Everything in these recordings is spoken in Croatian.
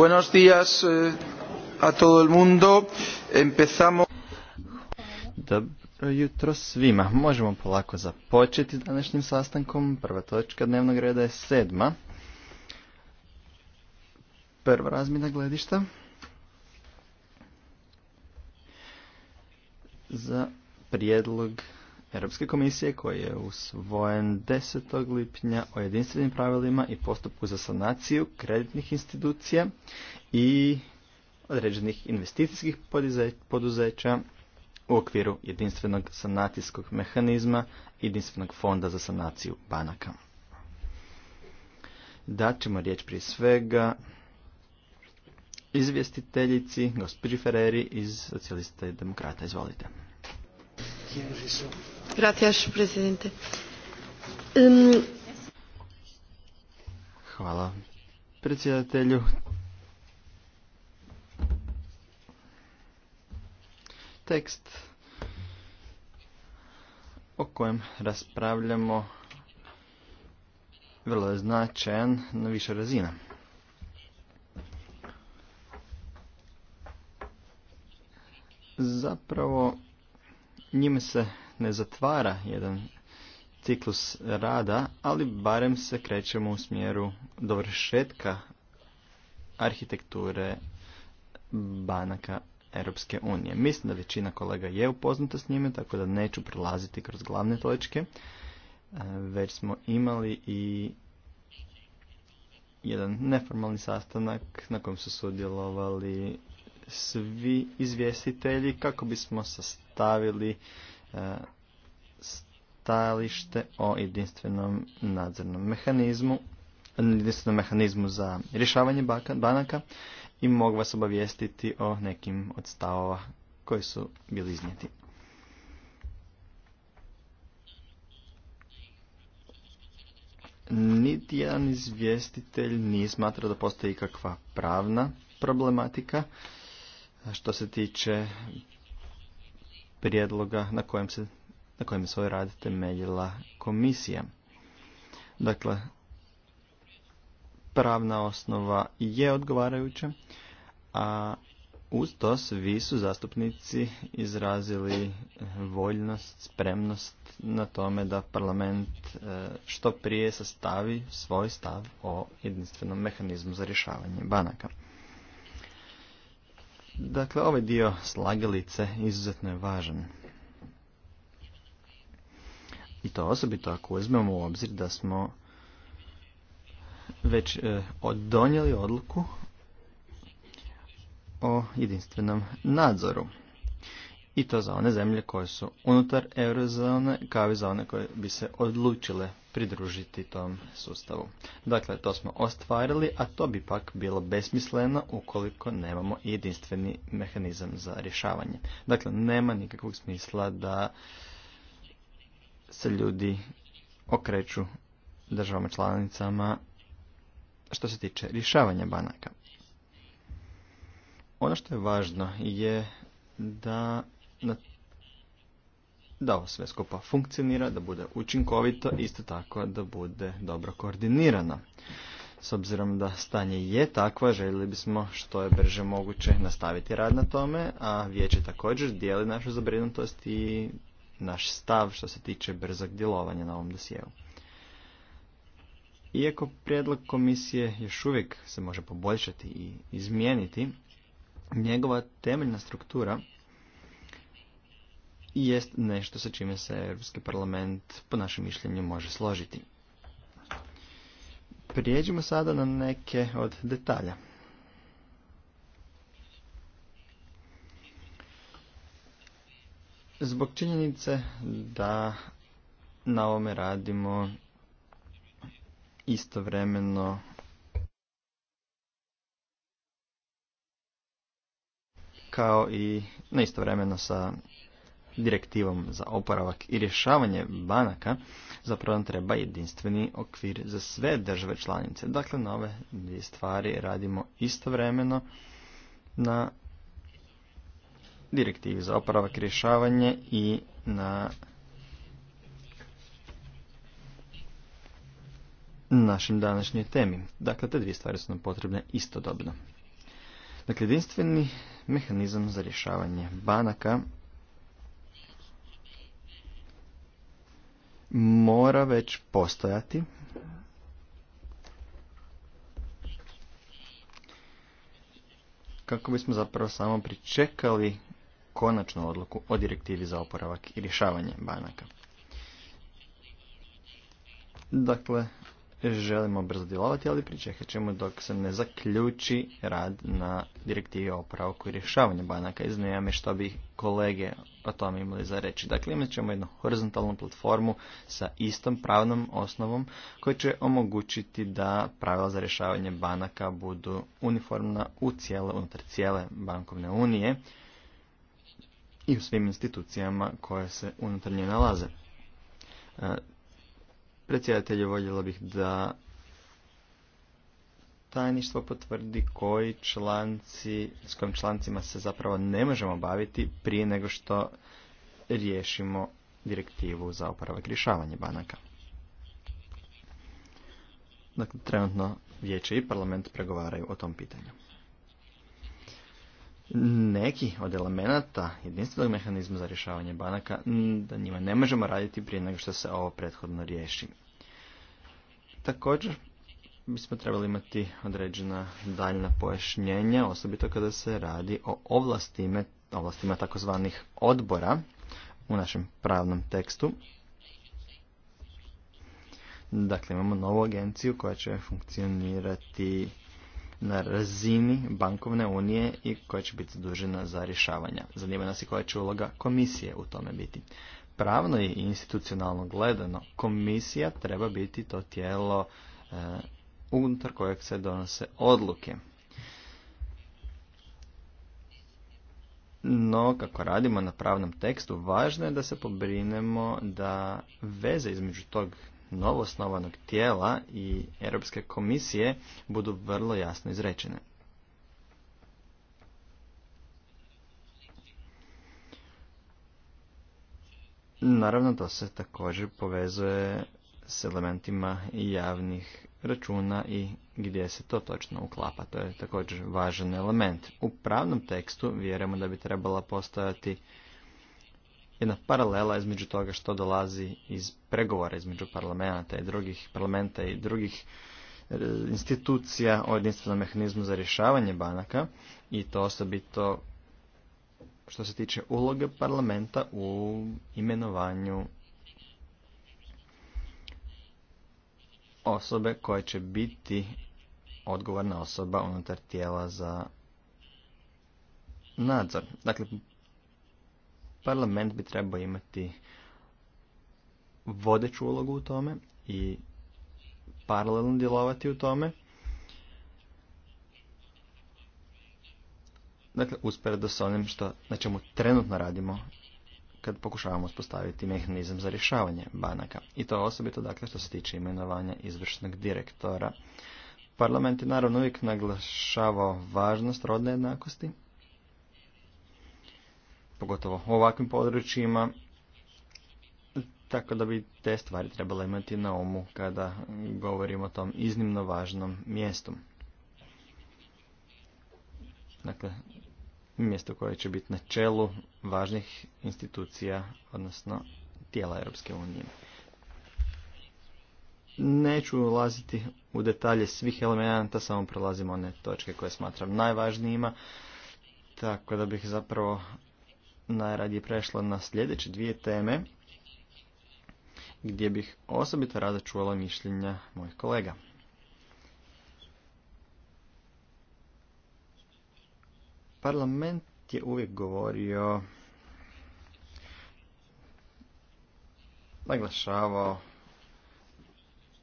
Buenos días eh, a todo el mundo. Empezamos. Dobro jutro svima. Možemo polako započeti današnjim sastankom. Prva točka dnevnog reda je sedma. Prva razmjena gledišta. Za prijedlog Europske komisije koji je usvojen 10. lipnja o jedinstvenim pravilima i postupku za sanaciju kreditnih institucija i određenih investicijskih poduzeća u okviru jedinstvenog sanacijskog mehanizma i jedinstvenog fonda za sanaciju banaka. Daćemo riječ prije svega izvjestiteljici, gospođi Ferreri iz Socijalista i Demokrata. Izvolite. Hvala predsjedatelju. Tekst o kojem raspravljamo vrlo je značajan na više razina. Zapravo njime se ne zatvara jedan ciklus rada, ali barem se krećemo u smjeru dovršetka arhitekture banaka Europske unije. Mislim da većina kolega je upoznata s njime, tako da neću prolaziti kroz glavne točke. E, već smo imali i jedan neformalni sastanak na kojem su sudjelovali svi izvjestitelji kako bismo sastavili E, stajalište o jedinstvenom nadzornom mehanizmu, jedinstvenom mehanizmu za rješavanje banaka i mogu vas obavijestiti o nekim od stavova koji su bili iznijeti. Niti jedan izvjestitelj nije smatrao da postoji ikakva pravna problematika što se tiče prijedloga na kojem, se, na kojem je svoj rad temeljila komisija. Dakle, pravna osnova je odgovarajuća, a uz to svi su zastupnici izrazili voljnost, spremnost na tome da parlament e, što prije sastavi svoj stav o jedinstvenom mehanizmu za rješavanje banaka. Dakle, ovaj dio slagalice izuzetno je važan. I to osobito ako uzmemo u obzir da smo već e, donijeli odluku o jedinstvenom nadzoru. I to za one zemlje koje su unutar eurozone kao i za one koje bi se odlučile pridružiti tom sustavu. Dakle, to smo ostvarili, a to bi pak bilo besmisleno ukoliko nemamo jedinstveni mehanizam za rješavanje. Dakle, nema nikakvog smisla da se ljudi okreću državama članicama što se tiče rješavanja banaka. Ono što je važno je da na da ovo sve skupa funkcionira, da bude učinkovito, isto tako da bude dobro koordinirano. S obzirom da stanje je takva, željeli bismo što je brže moguće nastaviti rad na tome, a vijeće također dijeli našu zabrinutost i naš stav što se tiče brzog djelovanja na ovom dosjeu. Iako prijedlog komisije još uvijek se može poboljšati i izmijeniti, njegova temeljna struktura jest nešto sa čime se Europski parlament po našem mišljenju može složiti. Prijeđimo sada na neke od detalja. Zbog činjenice da na ovome radimo istovremeno kao i na istovremeno sa direktivom za oporavak i rješavanje banaka, zapravo nam treba jedinstveni okvir za sve države članice. Dakle, na ove dvije stvari radimo istovremeno na direktivi za oporavak i rješavanje i na našim današnjoj temi. Dakle, te dvije stvari su nam potrebne istodobno. Dakle, jedinstveni mehanizam za rješavanje banaka mora već postojati. Kako bismo zapravo samo pričekali konačnu odluku o direktivi za oporavak i rješavanje banaka. Dakle, želimo brzo djelovati, ali pričekat ćemo dok se ne zaključi rad na direktivi o pravku i rješavanju banaka. I znam što bi kolege o tome imali za reći. Dakle, imat ćemo jednu horizontalnu platformu sa istom pravnom osnovom koja će omogućiti da pravila za rješavanje banaka budu uniformna u cijele, unutar cijele bankovne unije i u svim institucijama koje se unutar nje nalaze. E, Predsjedatelju voljela bih da tajništvo potvrdi koji članci, s kojim člancima se zapravo ne možemo baviti prije nego što riješimo direktivu za oporavak rješavanje banaka. Dakle, trenutno vijeće i parlament pregovaraju o tom pitanju. Neki od elemenata jedinstvenog mehanizma za rješavanje banaka, da njima ne možemo raditi prije nego što se ovo prethodno riješi. Također bismo trebali imati određena daljna pojašnjenja, osobito kada se radi o ovlastima, ovlastima takozvanih odbora u našem pravnom tekstu. Dakle, imamo novu agenciju koja će funkcionirati na razini bankovne unije i koja će biti zadužena za rješavanja. Zanima nas i koja će uloga komisije u tome biti pravno i institucionalno gledano komisija treba biti to tijelo e, unutar kojeg se donose odluke. No, kako radimo na pravnom tekstu, važno je da se pobrinemo da veze između tog novosnovanog tijela i Europske komisije budu vrlo jasno izrečene. Naravno, to se također povezuje s elementima javnih računa i gdje se to točno uklapa. To je također važan element. U pravnom tekstu vjerujemo da bi trebala postojati jedna paralela između toga što dolazi iz pregovora između parlamenta i drugih parlamenta i drugih e, institucija o jedinstvenom mehanizmu za rješavanje banaka i to osobito što se tiče uloge parlamenta u imenovanju osobe koja će biti odgovorna osoba unutar tijela za nadzor. Dakle, parlament bi trebao imati vodeću ulogu u tome i paralelno djelovati u tome. dakle, usporedo s onim što, na čemu trenutno radimo kad pokušavamo uspostaviti mehanizam za rješavanje banaka. I to osobito, dakle, što se tiče imenovanja izvršnog direktora. Parlament je naravno uvijek naglašavao važnost rodne jednakosti, pogotovo u ovakvim područjima, tako da bi te stvari trebalo imati na umu kada govorimo o tom iznimno važnom mjestu. Dakle, mjesto koje će biti na čelu važnih institucija, odnosno tijela Europske unije. Neću ulaziti u detalje svih elemenata, samo prelazim one točke koje smatram najvažnijima, tako da bih zapravo najradije prešla na sljedeće dvije teme, gdje bih osobito rada čuvala mišljenja mojih kolega. Parlament je uvijek govorio, naglašavao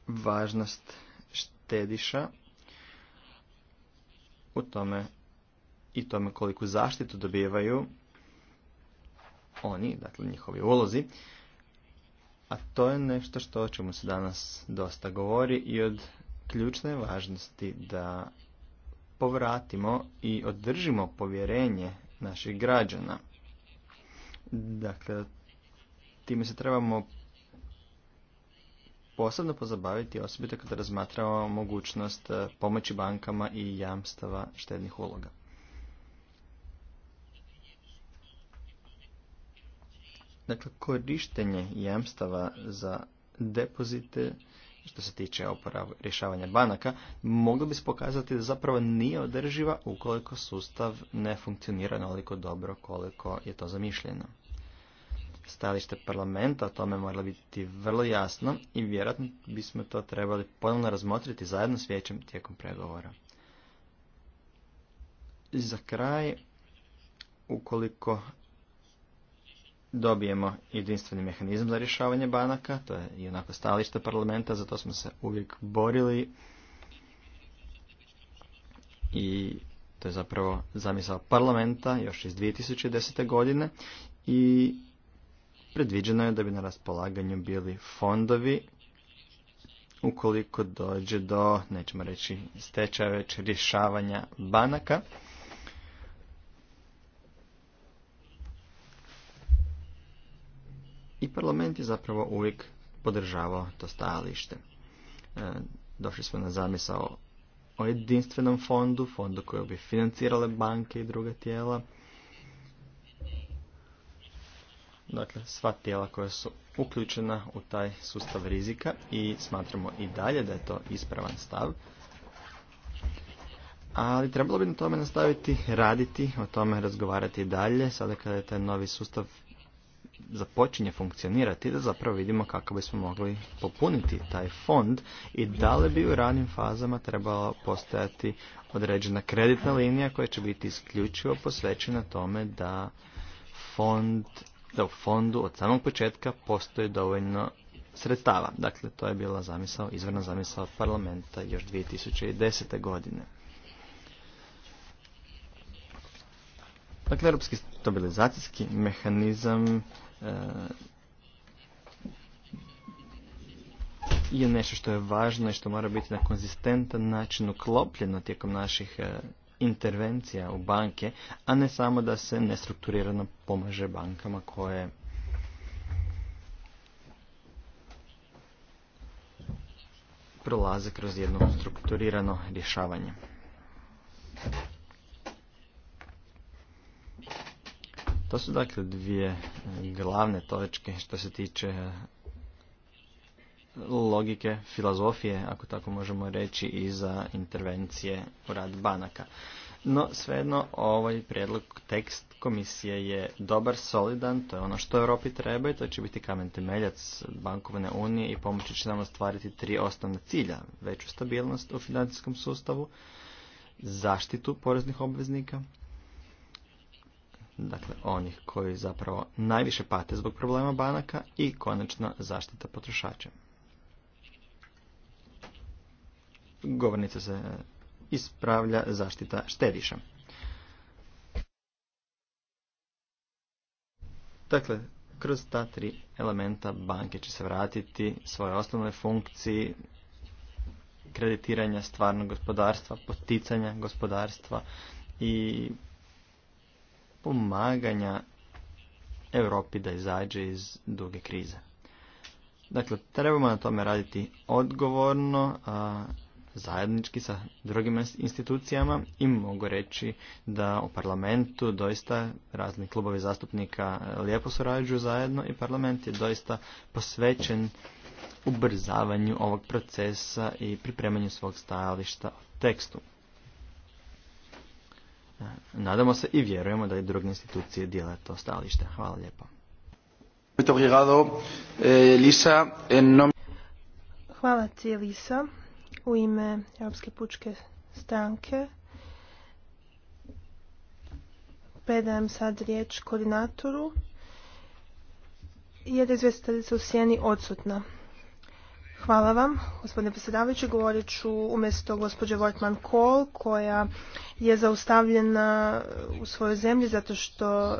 važnost štediša u tome i tome koliku zaštitu dobivaju oni, dakle njihovi ulozi, a to je nešto što o čemu se danas dosta govori i od ključne važnosti da povratimo i održimo povjerenje naših građana. Dakle, time se trebamo posebno pozabaviti osobito kada razmatramo mogućnost e, pomoći bankama i jamstava štednih uloga. Dakle, korištenje jamstava za depozite što se tiče oporav, rješavanja banaka, moglo bi se pokazati da zapravo nije održiva ukoliko sustav ne funkcionira naliko dobro koliko je to zamišljeno. Stajalište parlamenta o tome mora biti vrlo jasno i vjerojatno bismo to trebali ponovno razmotriti zajedno s vijećem tijekom pregovora. Za kraj, ukoliko dobijemo jedinstveni mehanizam za rješavanje banaka, to je i onako stalište parlamenta, za to smo se uvijek borili i to je zapravo zamisao parlamenta još iz 2010. godine i predviđeno je da bi na raspolaganju bili fondovi ukoliko dođe do, nećemo reći, stečaja već rješavanja banaka I parlament je zapravo uvijek podržavao to stajalište. E, došli smo na zamisao o jedinstvenom fondu, fondu koji bi financirale banke i druga tijela. Dakle, sva tijela koja su uključena u taj sustav rizika i smatramo i dalje da je to ispravan stav. Ali trebalo bi na tome nastaviti raditi, o tome razgovarati i dalje, sada kada je taj novi sustav započinje funkcionirati da zapravo vidimo kako bismo mogli popuniti taj fond i da li bi u ranim fazama trebala postojati određena kreditna linija koja će biti isključivo posvećena tome da fond da u fondu od samog početka postoji dovoljno sredstava. Dakle, to je bila zamisao, izvorna zamisao parlamenta još 2010. godine. Dakle, europski stabilizacijski mehanizam je nešto što je važno i što mora biti na konzistentan način uklopljeno tijekom naših e, intervencija u banke, a ne samo da se nestrukturirano pomaže bankama koje prolaze kroz jedno strukturirano rješavanje. To su dakle dvije e, glavne točke što se tiče e, logike, filozofije, ako tako možemo reći, i za intervencije u rad banaka. No, svejedno, ovaj prijedlog tekst komisije je dobar, solidan, to je ono što Europi treba i to će biti kamen temeljac bankovne unije i pomoći će nam ostvariti tri osnovna cilja. Veću stabilnost u financijskom sustavu, zaštitu poreznih obveznika dakle onih koji zapravo najviše pate zbog problema banaka i konačna zaštita potrošača. Govornica se ispravlja zaštita štediša. Dakle, kroz ta tri elementa banke će se vratiti svoje osnovne funkciji kreditiranja stvarnog gospodarstva, poticanja gospodarstva i pomaganja Europi da izađe iz duge krize. Dakle, trebamo na tome raditi odgovorno, a zajednički sa drugim institucijama i mogu reći da u parlamentu doista razni klubovi zastupnika e, lijepo surađuju zajedno i parlament je doista posvećen ubrzavanju ovog procesa i pripremanju svog stajališta tekstu nadamo se i vjerujemo da i druge institucije dijele to stalište. Hvala lijepo. Eh, Hvala ti Elisa u ime Europske pučke stranke. Predajem sad riječ koordinatoru jer je izvestiteljica u sjeni odsutna. Hvala vam, gospodine predsjedavajući. Govorit ću umjesto gospođe Wortman Kohl, koja je zaustavljena u svojoj zemlji zato što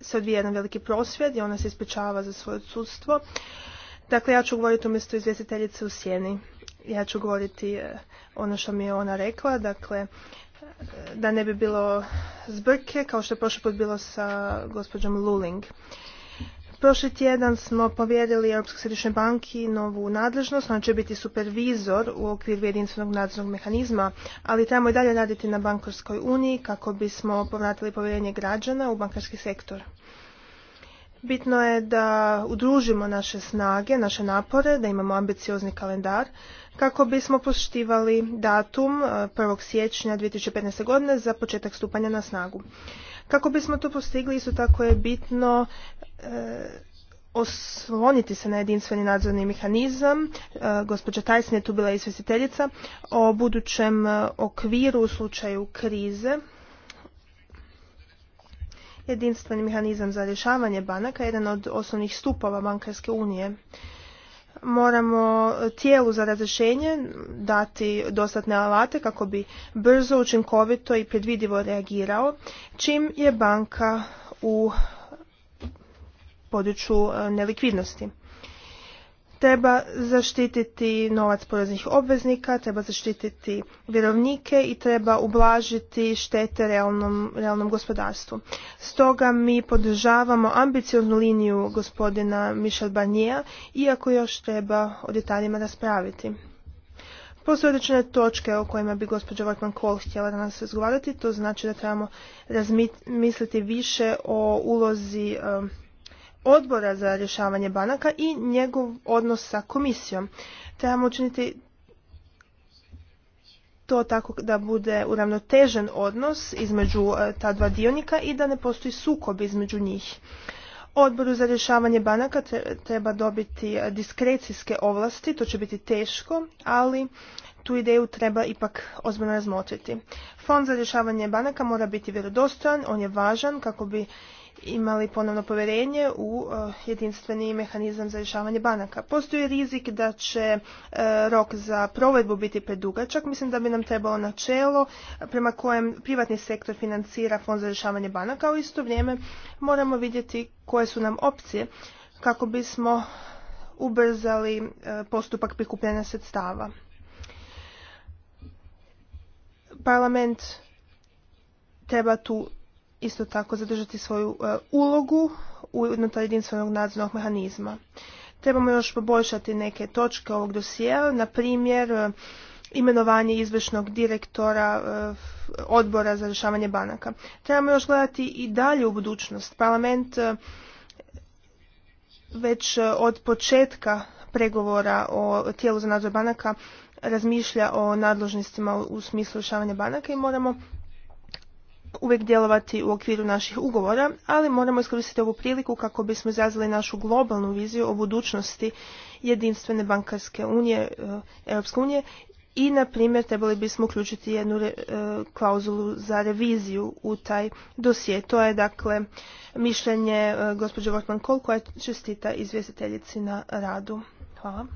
se odvija jedan veliki prosvjed i ona se ispričava za svoje odsudstvo. Dakle, ja ću govoriti umjesto izvjestiteljice u sjeni. Ja ću govoriti e, ono što mi je ona rekla, dakle, e, da ne bi bilo zbrke, kao što je prošli put bilo sa gospođom Luling. Prošli tjedan smo povjerili Europskoj središnjoj banki novu nadležnost, ona će biti supervizor u okviru jedinstvenog nadzornog mehanizma, ali trebamo i dalje raditi na bankarskoj uniji kako bismo povratili povjerenje građana u bankarski sektor. Bitno je da udružimo naše snage, naše napore, da imamo ambiciozni kalendar kako bismo poštivali datum 1. Eh, siječnja 2015. godine za početak stupanja na snagu. Kako bismo to postigli, isto tako je bitno e, osloniti se na jedinstveni nadzorni mehanizam. E, gospođa je tu bila izvjestiteljica o budućem e, okviru u slučaju krize. Jedinstveni mehanizam za rješavanje banaka je jedan od osnovnih stupova bankarske unije moramo tijelu za razrešenje dati dostatne alate kako bi brzo, učinkovito i predvidivo reagirao čim je banka u području e, nelikvidnosti. Treba zaštititi novac poreznih obveznika, treba zaštititi vjerovnike i treba ublažiti štete realnom, realnom gospodarstvu. Stoga mi podržavamo ambicioznu liniju gospodina Michel Barnier, iako još treba o detaljima raspraviti. Posljedične točke o kojima bi gospođa Wortman Kohl htjela danas razgovarati, to znači da trebamo razmisliti više o ulozi um, odbora za rješavanje banaka i njegov odnos sa komisijom. Trebamo učiniti to tako da bude uravnotežen odnos između e, ta dva dionika i da ne postoji sukob između njih. Odboru za rješavanje banaka treba dobiti e, diskrecijske ovlasti, to će biti teško, ali tu ideju treba ipak ozbiljno razmotriti. Fond za rješavanje banaka mora biti vjerodostojan, on je važan kako bi imali ponovno povjerenje u eh, jedinstveni mehanizam za rješavanje banaka. Postoji rizik da će eh, rok za provedbu biti predugačak. Mislim da bi nam trebalo načelo prema kojem privatni sektor financira fond za rješavanje banaka, u isto vrijeme moramo vidjeti koje su nam opcije kako bismo ubrzali eh, postupak prikupljanja sredstava. Parlament treba tu isto tako zadržati svoju e, ulogu unutar jedinstvenog nadzornog mehanizma. Trebamo još poboljšati neke točke ovog dosjea, na primjer e, imenovanje izvršnog direktora e, odbora za rješavanje banaka. Trebamo još gledati i dalje u budućnost. Parlament e, već od početka pregovora o tijelu za nadzor banaka razmišlja o nadložnostima u smislu rješavanja banaka i moramo uvijek djelovati u okviru naših ugovora, ali moramo iskoristiti ovu priliku kako bismo izrazili našu globalnu viziju o budućnosti jedinstvene bankarske unije, e, Europske unije i, na primjer, trebali bismo uključiti jednu e, klauzulu za reviziju u taj dosje. To je, dakle, mišljenje e, gospođe Votman Kol koja čestita izvjestiteljici na radu. Hvala.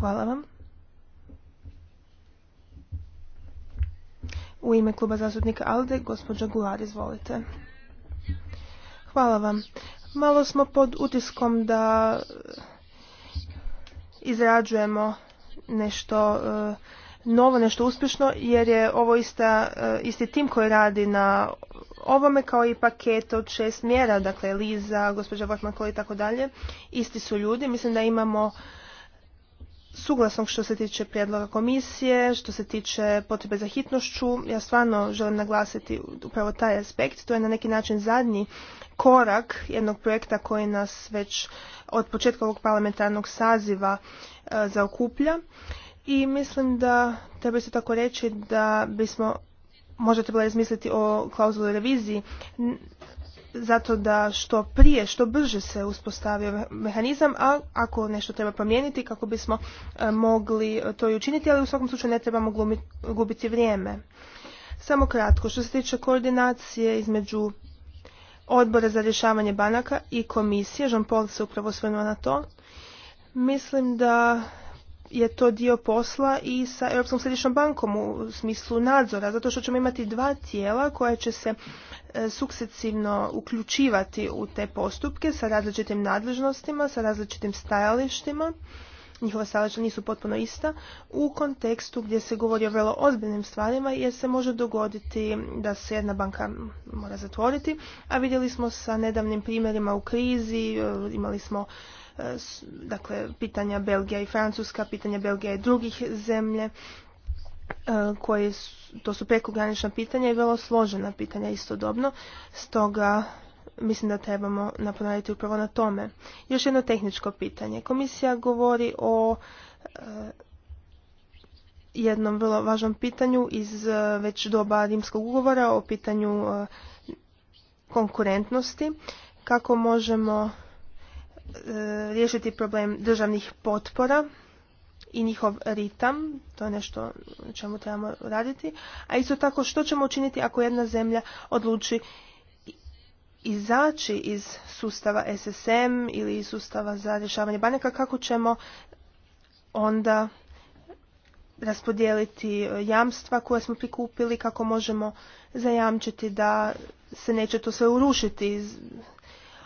Hvala vam. U ime kluba zastupnika ALDE, gospođa Gular, izvolite. Hvala vam. Malo smo pod utiskom da e, izrađujemo nešto e, novo, nešto uspješno, jer je ovo ista, e, isti tim koji radi na ovome kao i paket od šest mjera, dakle Liza, gospođa Votmakol i tako dalje. Isti su ljudi, mislim da imamo suglasnog što se tiče prijedloga komisije, što se tiče potrebe za hitnošću. Ja stvarno želim naglasiti upravo taj aspekt. To je na neki način zadnji korak jednog projekta koji nas već od početka ovog parlamentarnog saziva e, zaokuplja. I mislim da treba se tako reći da bismo možda trebali razmisliti o klauzuli reviziji zato da što prije, što brže se uspostavio mehanizam, a ako nešto treba promijeniti kako bismo e, mogli to i učiniti, ali u svakom slučaju ne trebamo gubiti vrijeme. Samo kratko, što se tiče koordinacije između odbora za rješavanje banaka i komisije, Jean-Paul se upravo osvrnuo na to, mislim da je to dio posla i sa Europskom središnjom bankom u smislu nadzora, zato što ćemo imati dva tijela koja će se E, sukcesivno uključivati u te postupke sa različitim nadležnostima, sa različitim stajalištima, njihova stajališta nisu potpuno ista, u kontekstu gdje se govori o vrlo ozbiljnim stvarima jer se može dogoditi da se jedna banka mora zatvoriti, a vidjeli smo sa nedavnim primjerima u krizi, e, imali smo e, dakle, pitanja Belgija i Francuska, pitanja Belgija i drugih zemlje, E, koje su, to su prekogranična pitanja i vrlo složena pitanja istodobno, stoga mislim da trebamo naponaviti upravo na tome. Još jedno tehničko pitanje. Komisija govori o e, jednom vrlo važnom pitanju iz e, već doba rimskog ugovora o pitanju konkurentnosti, kako možemo riješiti problem državnih potpora i njihov ritam, to je nešto na čemu trebamo raditi, a isto tako što ćemo učiniti ako jedna zemlja odluči izaći iz sustava SSM ili iz sustava za rješavanje banaka, kako ćemo onda raspodijeliti jamstva koje smo prikupili, kako možemo zajamčiti da se neće to sve urušiti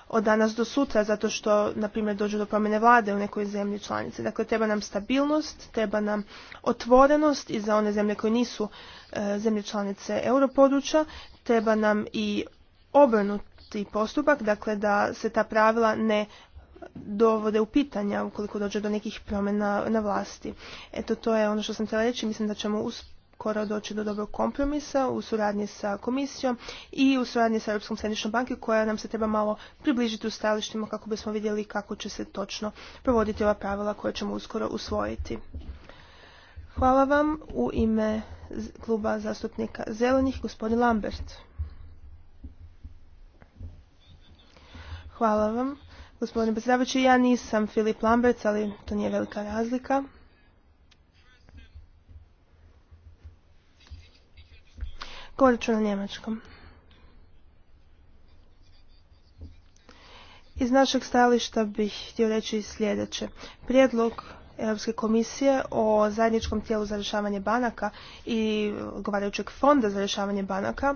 od danas do sutra zato što, na primjer, dođu do promjene vlade u nekoj zemlji članici. Dakle, treba nam stabilnost, treba nam otvorenost i za one zemlje koje nisu e, zemlje članice europodručja, treba nam i obrnuti postupak, dakle da se ta pravila ne dovode u pitanja ukoliko dođe do nekih promjena na vlasti. Eto, to je ono što sam htjela reći. Mislim da ćemo uspjeti skoro doći do dobrog kompromisa u suradnji sa komisijom i u suradnji sa Europskom središnjom bankom koja nam se treba malo približiti u stajalištima kako bismo vidjeli kako će se točno provoditi ova pravila koja ćemo uskoro usvojiti. Hvala vam u ime kluba zastupnika Zelenih, gospodin Lambert. Hvala vam. Gospodine predsjedavajući, ja nisam Filip Lambert, ali to nije velika razlika. Govorit ću na njemačkom. Iz našeg stajališta bih htio reći sljedeće. Prijedlog Europske komisije o zajedničkom tijelu za rješavanje banaka i odgovarajućeg fonda za rješavanje banaka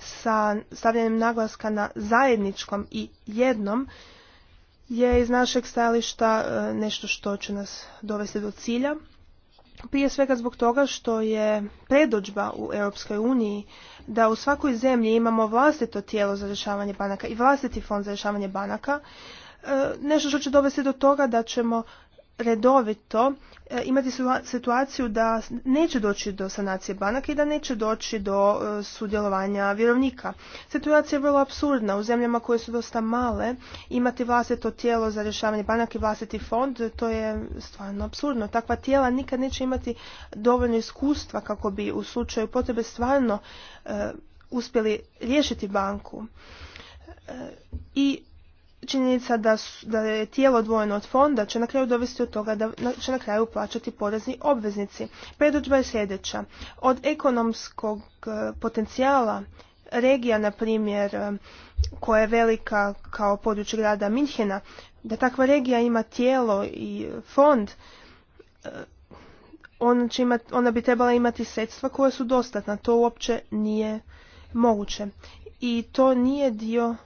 sa stavljanjem naglaska na zajedničkom i jednom je iz našeg stajališta e, nešto što će nas dovesti do cilja prije svega zbog toga što je predođba u Europskoj uniji da u svakoj zemlji imamo vlastito tijelo za rješavanje banaka i vlastiti fond za rješavanje banaka, e, nešto što će dovesti do toga da ćemo redovito e, imati situaciju da neće doći do sanacije banaka i da neće doći do e, sudjelovanja vjerovnika. Situacija je vrlo absurdna. U zemljama koje su dosta male imati vlastito tijelo za rješavanje banaka i vlastiti fond, to je stvarno absurdno. Takva tijela nikad neće imati dovoljno iskustva kako bi u slučaju potrebe stvarno e, uspjeli riješiti banku. I činjenica da, da je tijelo odvojeno od fonda će na kraju dovesti od toga da će na kraju plaćati porezni obveznici. Predođba je sljedeća. Od ekonomskog e, potencijala regija, na primjer, e, koja je velika kao područje grada Minhena, da takva regija ima tijelo i fond, e, ona, će ona bi trebala imati sredstva koja su dostatna. To uopće nije moguće. I to nije dio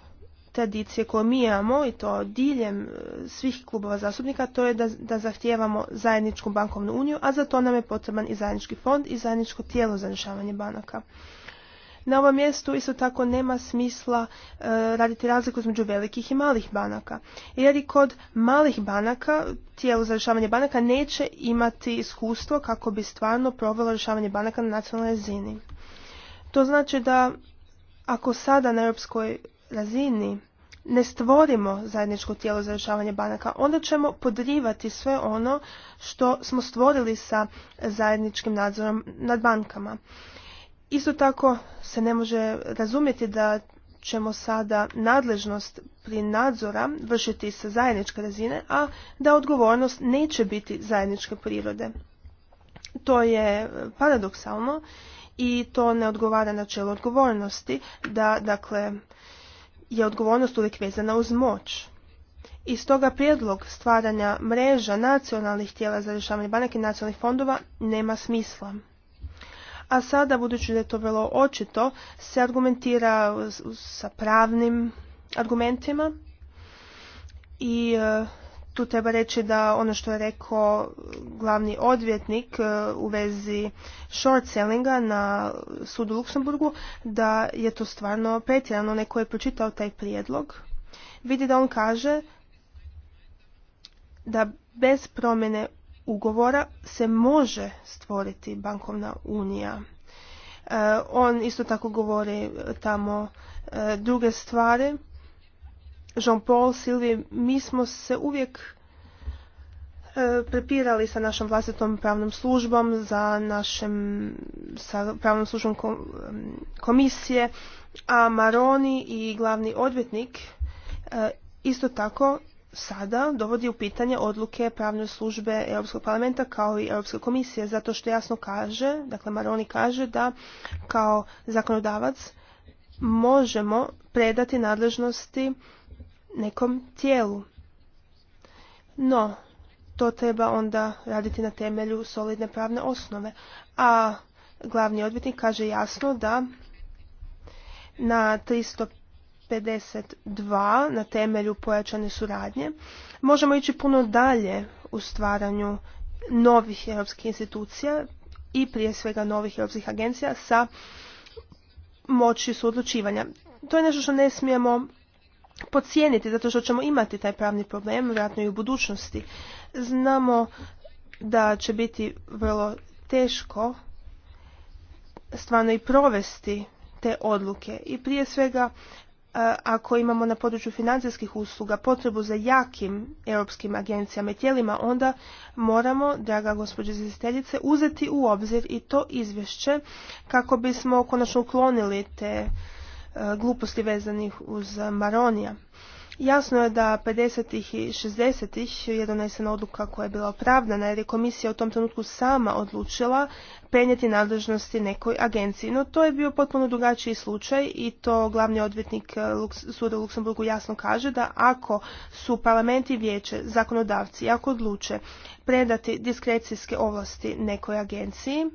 tradicije koju mi imamo i to diljem e, svih klubova zastupnika, to je da, da zahtijevamo zajedničku bankovnu uniju, a za to nam je potreban i zajednički fond i zajedničko tijelo za rješavanje banaka. Na ovom mjestu isto tako nema smisla e, raditi razliku između velikih i malih banaka. Jer i kod malih banaka, tijelo za rješavanje banaka neće imati iskustvo kako bi stvarno provelo rješavanje banaka na nacionalnoj razini. To znači da ako sada na europskoj razini ne stvorimo zajedničko tijelo za rješavanje banaka, onda ćemo podrivati sve ono što smo stvorili sa zajedničkim nadzorom nad bankama. Isto tako se ne može razumjeti da ćemo sada nadležnost pri nadzora vršiti sa zajedničke razine, a da odgovornost neće biti zajedničke prirode. To je paradoksalno i to ne odgovara načelu odgovornosti da dakle je odgovornost uvijek vezana uz moć. I stoga prijedlog stvaranja mreža nacionalnih tijela za rješavanje banaka i nacionalnih fondova nema smisla. A sada, budući da je to vrlo očito, se argumentira sa pravnim argumentima i e, tu treba reći da ono što je rekao glavni odvjetnik e, u vezi short sellinga na sudu u Luksemburgu, da je to stvarno pretjerano. Neko je pročitao taj prijedlog. Vidi da on kaže da bez promjene ugovora se može stvoriti bankovna unija. E, on isto tako govori tamo e, druge stvari Jean-Paul, Silvi, mi smo se uvijek e, prepirali sa našom vlastitom pravnom službom, za našem, sa pravnom službom komisije, a Maroni i glavni odvjetnik e, isto tako sada dovodi u pitanje odluke pravne službe Europskog parlamenta kao i Europske komisije, zato što jasno kaže, dakle Maroni kaže da kao zakonodavac možemo predati nadležnosti nekom tijelu. No, to treba onda raditi na temelju solidne pravne osnove. A glavni odvjetnik kaže jasno da na 352 na temelju pojačane suradnje možemo ići puno dalje u stvaranju novih europskih institucija i prije svega novih europskih agencija sa moći suodlučivanja. To je nešto što ne smijemo podcijeniti zato što ćemo imati taj pravni problem vjerojatno i u budućnosti. Znamo da će biti vrlo teško stvarno i provesti te odluke i prije svega e, ako imamo na području financijskih usluga potrebu za jakim europskim agencijama i tijelima, onda moramo, draga gospođe izvjestiteljice, uzeti u obzir i to izvješće kako bismo konačno uklonili te gluposti vezanih uz Maronija. Jasno je da 50 i 60 je donesena odluka koja je bila opravdana jer je komisija u tom trenutku sama odlučila prenijeti nadležnosti nekoj agenciji. No to je bio potpuno drugačiji slučaj i to glavni odvjetnik eh, suda u Luksemburgu jasno kaže da ako su parlament i vijeće zakonodavci ako odluče predati diskrecijske ovlasti nekoj agenciji,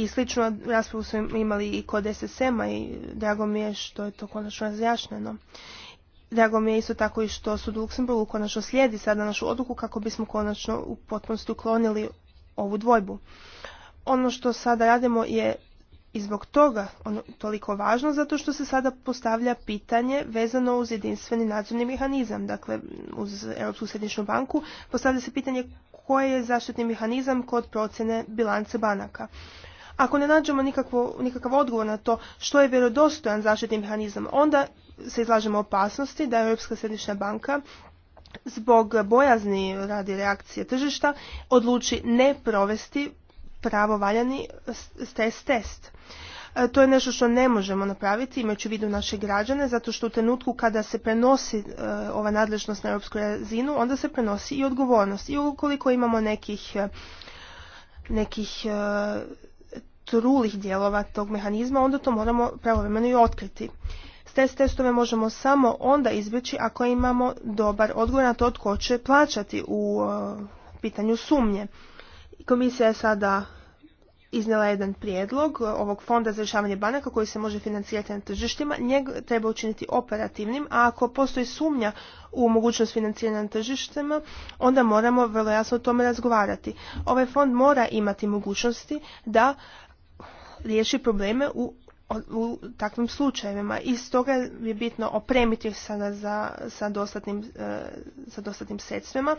i slično raspravu smo imali i kod SSM-a i drago mi je što je to konačno razjašnjeno. Drago mi je isto tako i što sud u Luksemburgu konačno slijedi sada našu odluku kako bismo konačno u potpunosti uklonili ovu dvojbu. Ono što sada radimo je i zbog toga ono, toliko važno zato što se sada postavlja pitanje vezano uz jedinstveni nadzorni mehanizam, dakle uz Europsku središnju banku, postavlja se pitanje koji je zaštitni mehanizam kod procjene bilance banaka. Ako ne nađemo nikakvo, nikakav odgovor na to što je vjerodostojan zaštitni mehanizam, onda se izlažemo opasnosti da je Europska središnja banka zbog bojazni radi reakcije tržišta odluči ne provesti pravovaljani stres test. E, to je nešto što ne možemo napraviti imajući u vidu naše građane, zato što u trenutku kada se prenosi e, ova nadležnost na europsku razinu, onda se prenosi i odgovornost. I ukoliko imamo nekih e, nekih trulih dijelova tog mehanizma, onda to moramo pravovremeno i otkriti. Stres testove možemo samo onda izbjeći ako imamo dobar odgovor na to tko će plaćati u e, pitanju sumnje. Komisija je sada iznijela jedan prijedlog ovog fonda za rješavanje banaka koji se može financirati na tržištima. Njeg treba učiniti operativnim, a ako postoji sumnja u mogućnost financiranja na tržištima, onda moramo vrlo jasno o tome razgovarati. Ovaj fond mora imati mogućnosti da riješi probleme u, takvim slučajevima i stoga je bitno opremiti se za, sa, dostatnim, e, dostatnim sredstvima,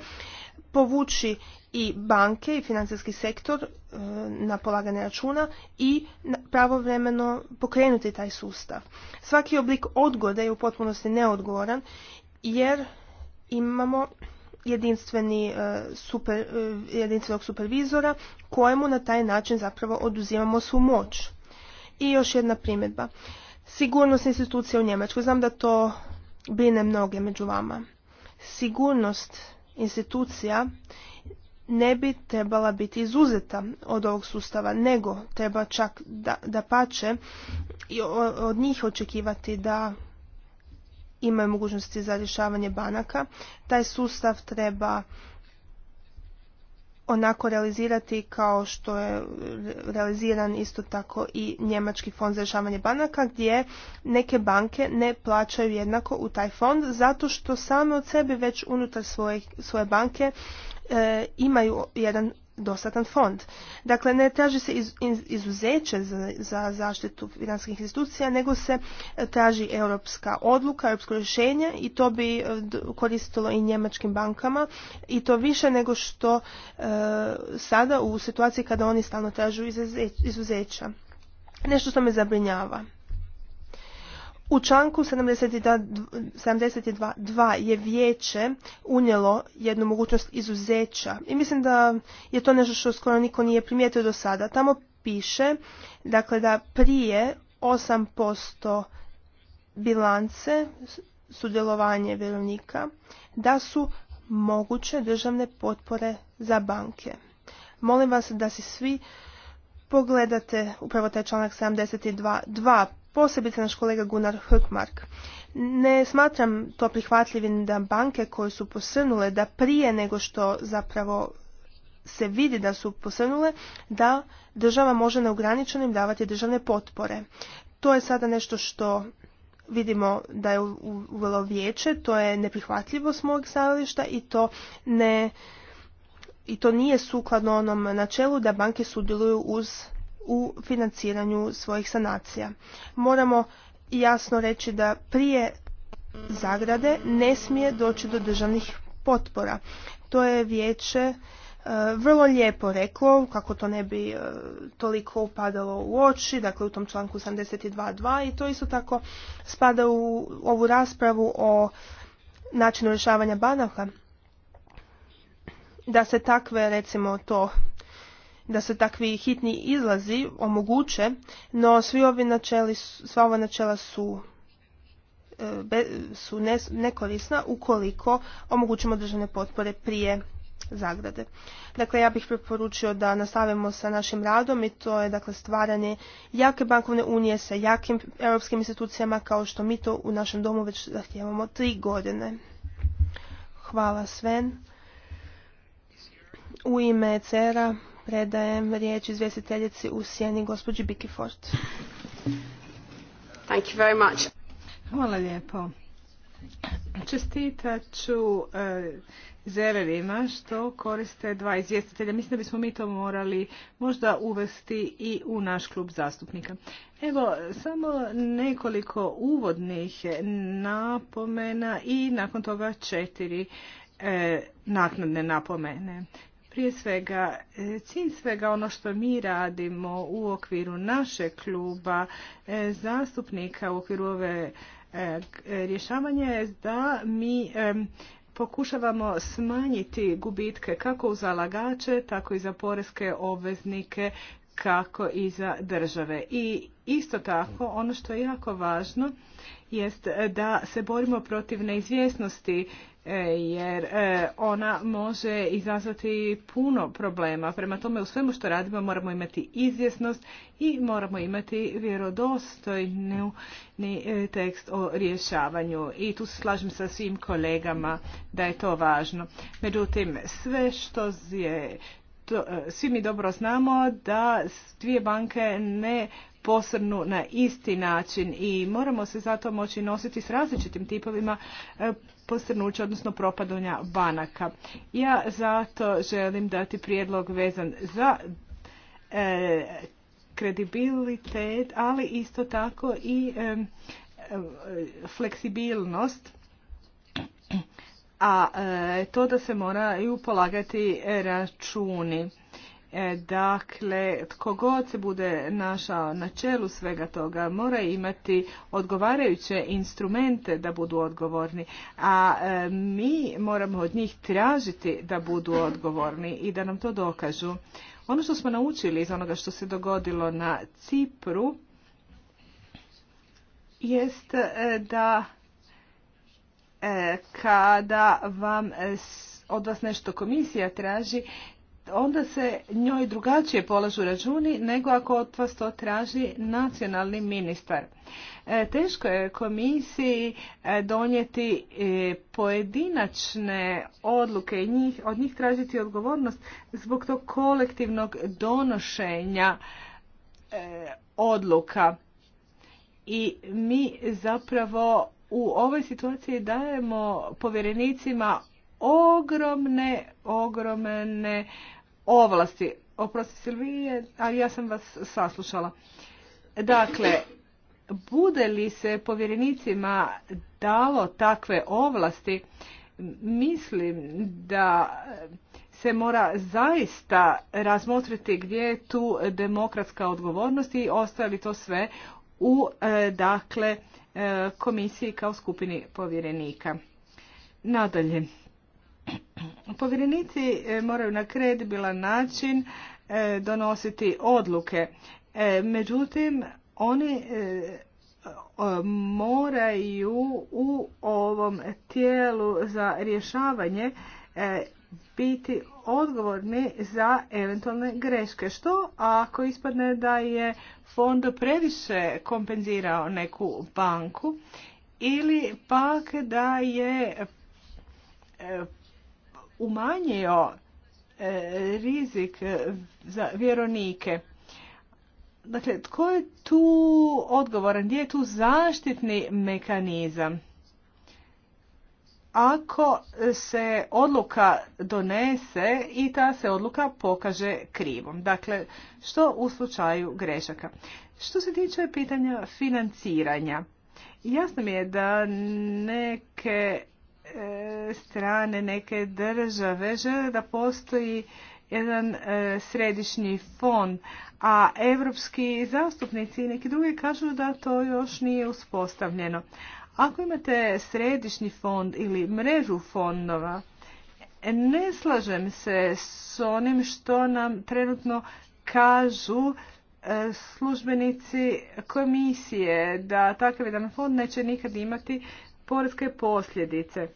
povući i banke i financijski sektor e, na polaganje računa i pravovremeno pokrenuti taj sustav. Svaki oblik odgode je u potpunosti neodgovoran jer imamo jedinstveni e, super, e, jedinstvenog supervizora kojemu na taj način zapravo oduzimamo svu moć. I još jedna primjedba. Sigurnost institucija u Njemačkoj. Znam da to brine mnoge među vama. Sigurnost institucija ne bi trebala biti izuzeta od ovog sustava, nego treba čak da, pače i od njih očekivati da imaju mogućnosti za rješavanje banaka. Taj sustav treba onako realizirati kao što je realiziran isto tako i njemački fond za rješavanje banaka gdje neke banke ne plaćaju jednako u taj fond zato što same od sebe već unutar svoje, svoje banke e, imaju jedan dostatan fond. Dakle, ne traži se izuzeće za zaštitu financijskih institucija, nego se e, traži europska odluka, europsko rješenje i to bi e, koristilo i njemačkim bankama i to više nego što e, sada u situaciji kada oni stalno tražu izuzeća. Nešto što me zabrinjava. U članku 72.2 je vijeće unijelo jednu mogućnost izuzeća i mislim da je to nešto što skoro niko nije primijetio do sada. Tamo piše dakle, da prije 8% bilance sudjelovanje vjerovnika da su moguće državne potpore za banke. Molim vas da si svi pogledate upravo taj članak 72.2 posebice naš kolega Gunnar Hökmark. Ne smatram to prihvatljivim da banke koje su posrnule, da prije nego što zapravo se vidi da su posrnule, da država može neograničenim davati državne potpore. To je sada nešto što vidimo da je uvelo vijeće, to je neprihvatljivo s mojeg stajališta i to ne i to nije sukladno onom načelu da banke sudjeluju uz u financiranju svojih sanacija. Moramo jasno reći da prije zagrade ne smije doći do državnih potpora. To je vijeće e, vrlo lijepo reklo, kako to ne bi e, toliko upadalo u oči, dakle u tom članku 82.2 i to isto tako spada u ovu raspravu o načinu rješavanja banaka, da se takve recimo to da se takvi hitni izlazi omoguće, no svi ovi načeli, sva ova načela su e, su nekorisna ukoliko omogućimo državne potpore prije zagrade. Dakle, ja bih preporučio da nastavimo sa našim radom i to je dakle stvaranje jake bankovne unije sa jakim europskim institucijama kao što mi to u našem domu već zahtijevamo tri godine. Hvala Sven. U ime Cera predajem riječ izvjestiteljici u sjeni gospođi Biki Ford. Thank you very much. Hvala lijepo. Čestitat ću e, što koriste dva izvjestitelja. Mislim da bismo mi to morali možda uvesti i u naš klub zastupnika. Evo, samo nekoliko uvodnih napomena i nakon toga četiri e, naknadne napomene. Prije svega, e, cilj svega ono što mi radimo u okviru naše kluba e, zastupnika u okviru ove e, rješavanja je da mi pokušavamo smanjiti gubitke kako u zalagače, tako i za poreske obveznike, kako i za države. I isto tako, ono što je jako važno jest e, da se borimo protiv neizvjesnosti e, jer e, ona može izazvati puno problema. Prema tome u svemu što radimo moramo imati izvjesnost i moramo imati vjerodostojni tekst o rješavanju. I tu se slažem sa svim kolegama da je to važno. Međutim, sve što je svi mi dobro znamo da dvije banke ne posrnu na isti način i moramo se zato moći nositi s različitim tipovima e, posrnuća, odnosno propadanja banaka. Ja zato želim dati prijedlog vezan za e, kredibilitet, ali isto tako i e, fleksibilnost a to da se moraju polagati računi. E, dakle, tko god se bude našao na čelu svega toga mora imati odgovarajuće instrumente da budu odgovorni, a e, mi moramo od njih tražiti da budu odgovorni i da nam to dokažu. Ono što smo naučili iz onoga što se dogodilo na Cipru jest e, da kada vam od vas nešto komisija traži, onda se njoj drugačije polažu računi nego ako od vas to traži nacionalni ministar. E, teško je komisiji e, donijeti e, pojedinačne odluke i od njih tražiti odgovornost zbog tog kolektivnog donošenja odluka. I mi zapravo u ovoj situaciji dajemo povjerenicima ogromne, ogromne ovlasti. Oprosti Silvije, ali ja sam vas saslušala. Dakle, bude li se povjerenicima dalo takve ovlasti, mislim da se mora zaista razmotriti gdje je tu demokratska odgovornost i ostaje to sve u e, dakle e, komisiji kao skupini povjerenika. Nadalje, Povjerenici e, moraju na kredibilan način e, donositi odluke. E, međutim, oni moraju u ovom tijelu za rješavanje biti odgovorni za eventualne greške. Što ako ispadne da je fond previše kompenzirao neku banku ili pak da je umanjio e, rizik e, za vjeronike. Dakle, tko je tu odgovoran? Gdje je tu zaštitni mekanizam? Ako se odluka donese i ta se odluka pokaže krivom. Dakle, što u slučaju grešaka? Što se tiče pitanja financiranja, jasno mi je da neke E, strane neke države žele da postoji jedan e, središnji fond, a evropski zastupnici i neki drugi kažu da to još nije uspostavljeno. Ako imate središnji fond ili mrežu fondova, ne slažem se s onim što nam trenutno kažu e, službenici komisije da takav jedan fond neće nikad imati ...poreske posljedice.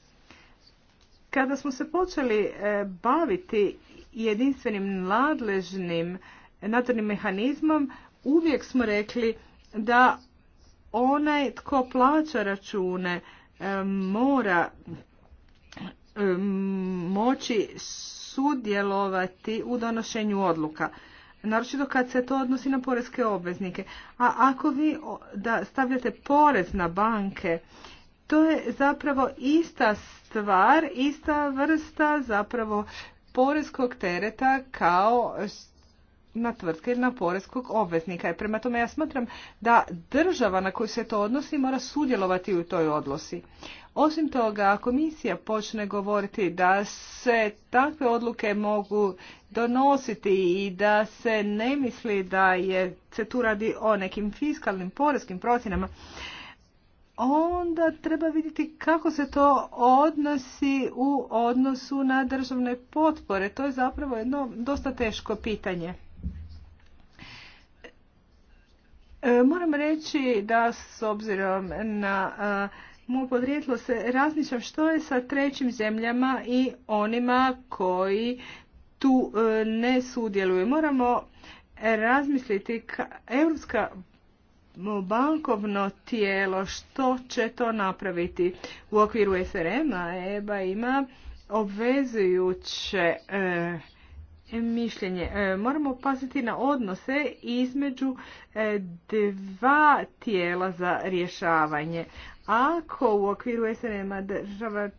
Kada smo se počeli e, baviti jedinstvenim nadležnim nadzornim mehanizmom, uvijek smo rekli da onaj tko plaća račune e, mora e, moći sudjelovati u donošenju odluka. Naročito kad se to odnosi na porezke obveznike. A ako vi da stavljate porez na banke to je zapravo ista stvar, ista vrsta zapravo porezkog tereta kao na tvrtke na porezkog obveznika. I prema tome ja smatram da država na koju se to odnosi mora sudjelovati u toj odlosi. Osim toga, komisija počne govoriti da se takve odluke mogu donositi i da se ne misli da je, se tu radi o nekim fiskalnim porezkim procjenama, onda treba vidjeti kako se to odnosi u odnosu na državne potpore. To je zapravo jedno dosta teško pitanje. E, moram reći da s obzirom na moje podrijetlo se razmišljam što je sa trećim zemljama i onima koji tu e, ne sudjeluju. Moramo razmisliti, europska bankovno tijelo što će to napraviti u okviru SRM-a EBA ima obvezujuće e, mišljenje. E, moramo paziti na odnose između e, dva tijela za rješavanje. Ako u okviru SRM-a država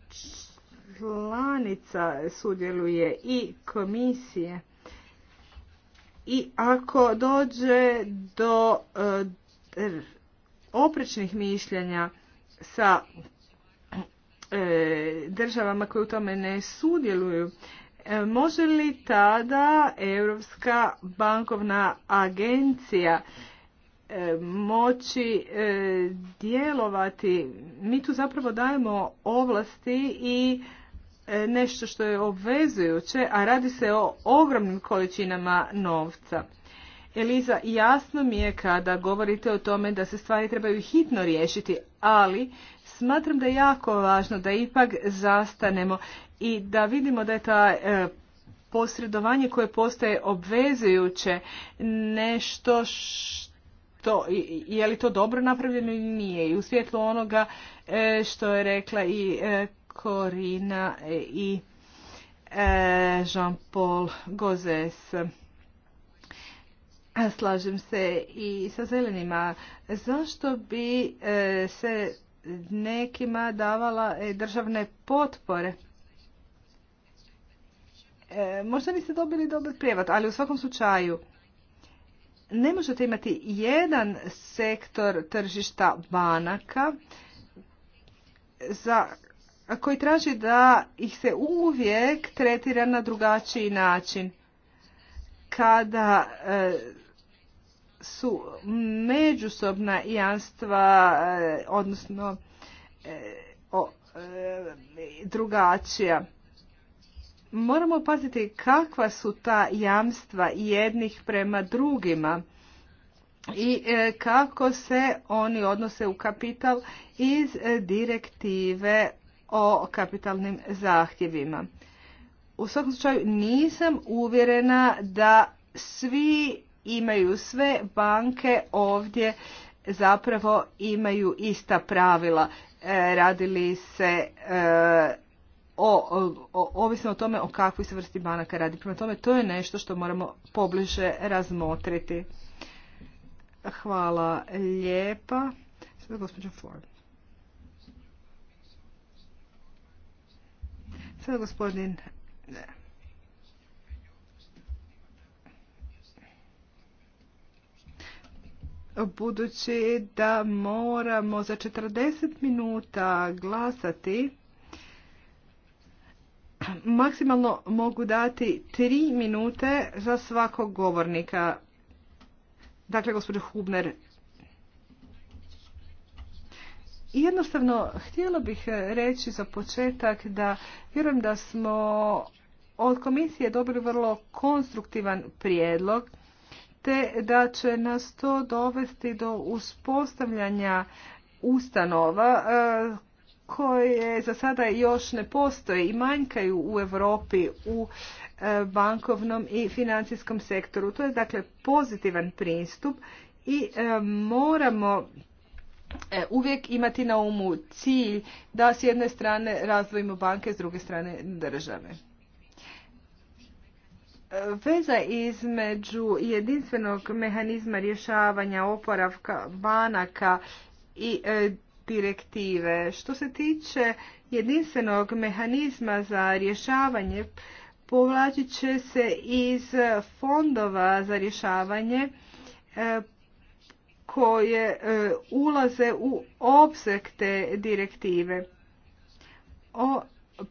članica sudjeluje i komisije i ako dođe do oprečnih mišljenja sa e, državama koje u tome ne sudjeluju, e, može li tada Europska bankovna agencija e, moći djelovati? Mi tu zapravo dajemo ovlasti i nešto što je obvezujuće, a radi se o ogromnim količinama novca. Eliza, jasno mi je kada govorite o tome da se stvari trebaju hitno riješiti, ali smatram da je jako važno da ipak zastanemo i da vidimo da je ta e, posredovanje koje postaje obvezujuće nešto što je li to dobro napravljeno ili nije i u svjetlu onoga e, što je rekla i Korina e, i Jean-Paul Gozes. Slažem se i sa zelenima. Zašto bi e, se nekima davala e, državne potpore? E, možda niste dobili dobar prijevat, ali u svakom slučaju ne možete imati jedan sektor tržišta banaka za koji traži da ih se uvijek tretira na drugačiji način. Kada su međusobna jamstva, e, odnosno e, e, drugačija. Moramo paziti kakva su ta jamstva jednih prema drugima i kako se oni odnose u kapital iz direktive o kapitalnim zahtjevima. U svakom slučaju nisam uvjerena da svi imaju sve banke ovdje zapravo imaju ista pravila. E, radili se e, o, ovisno o tome o kakvoj se vrsti banaka radi. Prema tome, to je nešto što moramo pobliže razmotriti. Hvala lijepa. Sada Ford. gospodin... Ne. budući da moramo za 40 minuta glasati maksimalno mogu dati 3 minute za svakog govornika. Dakle, gospođo Hubner, jednostavno htjela bih reći za početak da vjerujem da smo od komisije dobili vrlo konstruktivan prijedlog te da će nas to dovesti do uspostavljanja ustanova e, koje za sada još ne postoje i manjkaju u Europi u e, bankovnom i financijskom sektoru. To je dakle pozitivan pristup i e, moramo uvijek imati na umu cilj da s jedne strane razvojimo banke, s druge strane države. Veza između jedinstvenog mehanizma rješavanja oporavka banaka i e, direktive. Što se tiče jedinstvenog mehanizma za rješavanje, povlačit će se iz fondova za rješavanje e, koje e, ulaze u obseg te direktive. O,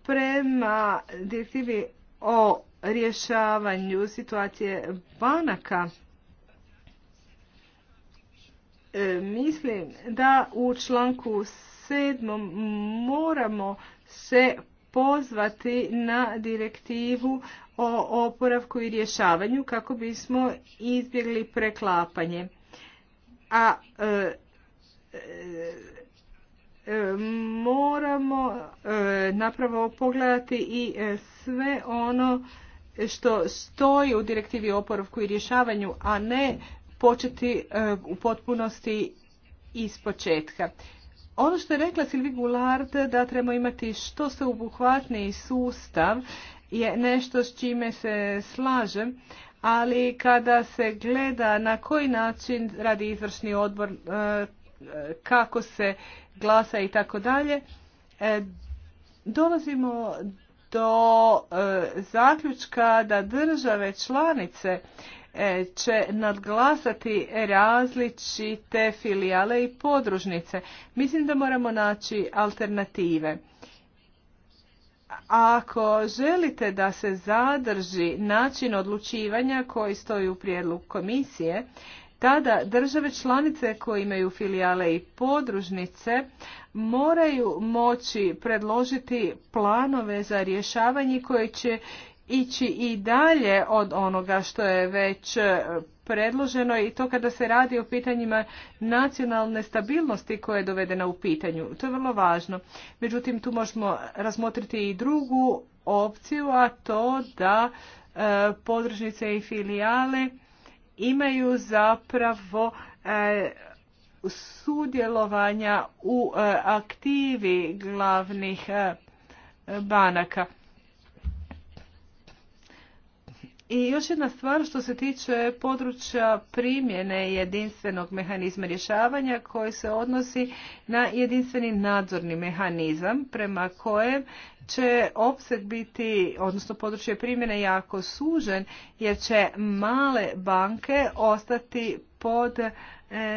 prema direktivi o rješavanju situacije banaka e, mislim da u članku sedmom moramo se pozvati na direktivu o oporavku i rješavanju kako bismo izbjegli preklapanje. A e, e, moramo napravo pogledati i sve ono što stoji u direktivi o oporavku i rješavanju, a ne početi e, u potpunosti iz početka. Ono što je rekla Silvi Goulard da trebamo imati što se ubuhvatni sustav je nešto s čime se slažem, ali kada se gleda na koji način radi izvršni odbor, e, kako se glasa i tako dalje, e, dolazimo do e, zaključka da države članice e, će nadglasati različite filijale i podružnice. Mislim da moramo naći alternative. Ako želite da se zadrži način odlučivanja koji stoji u prijedlogu komisije, tada države članice koje imaju filijale i podružnice moraju moći predložiti planove za rješavanje koje će ići i dalje od onoga što je već e, predloženo i to kada se radi o pitanjima nacionalne stabilnosti koja je dovedena u pitanju. To je vrlo važno. Međutim, tu možemo razmotriti i drugu opciju, a to da e, podružnice i filijale imaju zapravo e, sudjelovanja u e, aktivi glavnih e, banaka. I još jedna stvar što se tiče područja primjene jedinstvenog mehanizma rješavanja koji se odnosi na jedinstveni nadzorni mehanizam prema kojem će opseg biti, odnosno područje primjene jako sužen jer će male banke ostati pod e,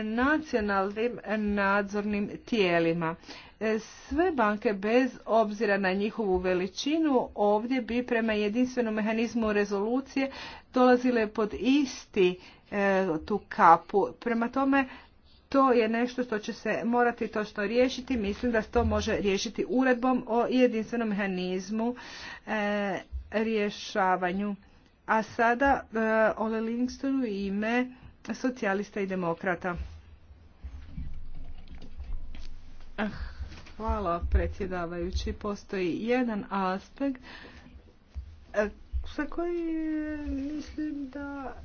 nacionalnim nadzornim tijelima. E, sve banke bez obzira na njihovu veličinu ovdje bi prema jedinstvenom mehanizmu rezolucije dolazile pod isti e, tu kapu. Prema tome to je nešto što će se morati točno riješiti. Mislim da se to može riješiti uredbom o jedinstvenom mehanizmu e, rješavanju. A sada e, Ole u ime socijalista i demokrata. Ah. Hvala predsjedavajući. Postoji jedan aspekt za e, koji e, mislim da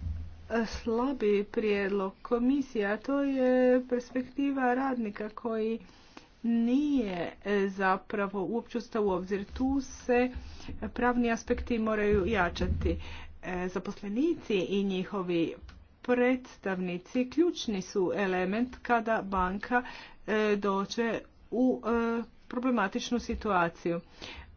e, slabi prijedlog a to je perspektiva radnika koji nije zapravo uopće ustao u obzir. Tu se pravni aspekti moraju jačati. Zaposlenici i njihovi predstavnici ključni su element kada banka dođe u e, problematičnu situaciju.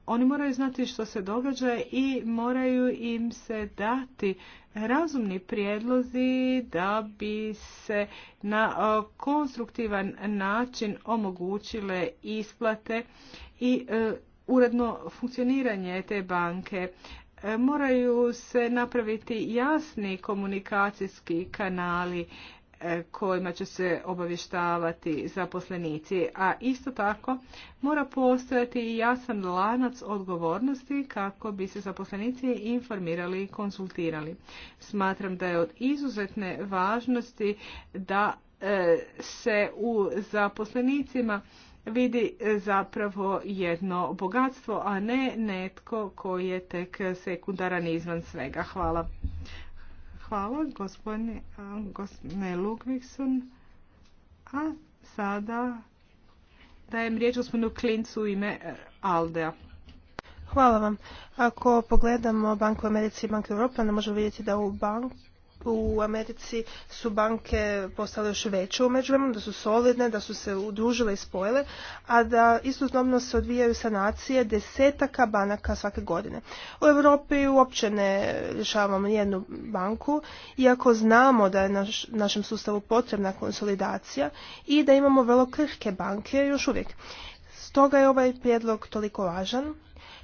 Oni moraju znati što se događa i moraju im se dati razumni prijedlozi da bi se na e, konstruktivan način omogućile isplate i e, uredno funkcioniranje te banke. Moraju se napraviti jasni komunikacijski kanali E, kojima će se obavještavati zaposlenici, a isto tako mora postojati i jasan lanac odgovornosti kako bi se zaposlenici informirali i konsultirali. Smatram da je od izuzetne važnosti da e, se u zaposlenicima vidi zapravo jedno bogatstvo, a ne netko koji je tek sekundaran izvan svega. Hvala. Hvala, gospodine, gospodine A sada dajem riječ gospodinu Klincu u ime e, Aldea. Hvala vam. Ako pogledamo Banku Americi i Banku europa ne možemo vidjeti da u banku u Americi su banke postale još veće u međuvremenu, da su solidne, da su se udružile i spojile, a da istodobno se odvijaju sanacije desetaka banaka svake godine. U Europi uopće ne rješavamo jednu banku, iako znamo da je našem sustavu potrebna konsolidacija i da imamo vrlo krhke banke još uvijek. Stoga je ovaj prijedlog toliko važan.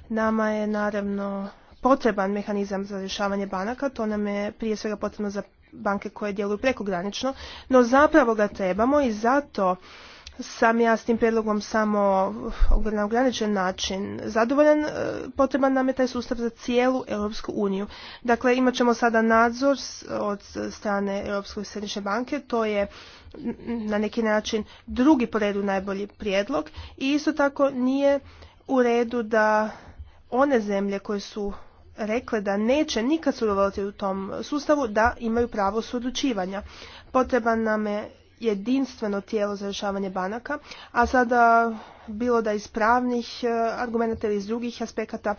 Nama je naravno potreban mehanizam za rješavanje banaka, to nam je prije svega potrebno za banke koje djeluju prekogranično, no zapravo ga trebamo i zato sam ja s tim prijedlogom samo uh, na ograničen način zadovoljan, uh, potreban nam je taj sustav za cijelu Europsku uniju. Dakle, imat ćemo sada nadzor od strane Europske središnje banke, to je na neki način drugi po redu najbolji prijedlog i isto tako nije u redu da one zemlje koje su rekle da neće nikad sudovati u tom sustavu da imaju pravo sudučivanja. Potreban nam je jedinstveno tijelo za rješavanje banaka, a sada bilo da iz pravnih e, argumenta ili iz drugih aspekata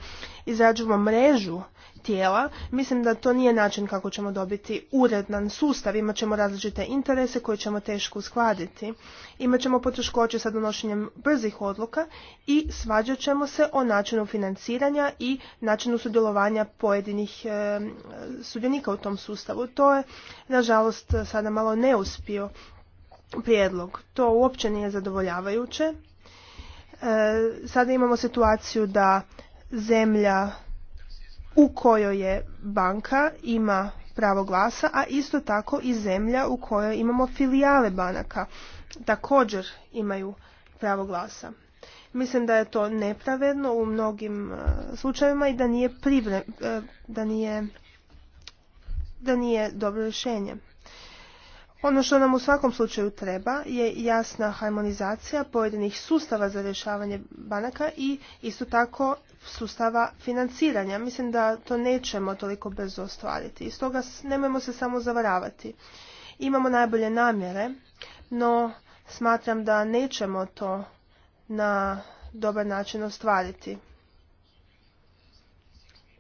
izrađujemo mrežu tijela, mislim da to nije način kako ćemo dobiti uredan sustav. Imat ćemo različite interese koje ćemo teško uskladiti. Imat ćemo poteškoće sa donošenjem brzih odluka i svađat ćemo se o načinu financiranja i načinu sudjelovanja pojedinih e, sudionika u tom sustavu. To je, nažalost, sada malo neuspio prijedlog. To uopće nije zadovoljavajuće E, sada imamo situaciju da zemlja u kojoj je banka ima pravo glasa, a isto tako i zemlja u kojoj imamo filijale banaka također imaju pravo glasa. Mislim da je to nepravedno u mnogim e, slučajevima i da nije privre, e, da nije da nije dobro rješenje. Ono što nam u svakom slučaju treba je jasna harmonizacija pojedinih sustava za rješavanje banaka i isto tako sustava financiranja. Mislim da to nećemo toliko brzo ostvariti i stoga nemojmo se samo zavaravati. Imamo najbolje namjere, no smatram da nećemo to na dobar način ostvariti.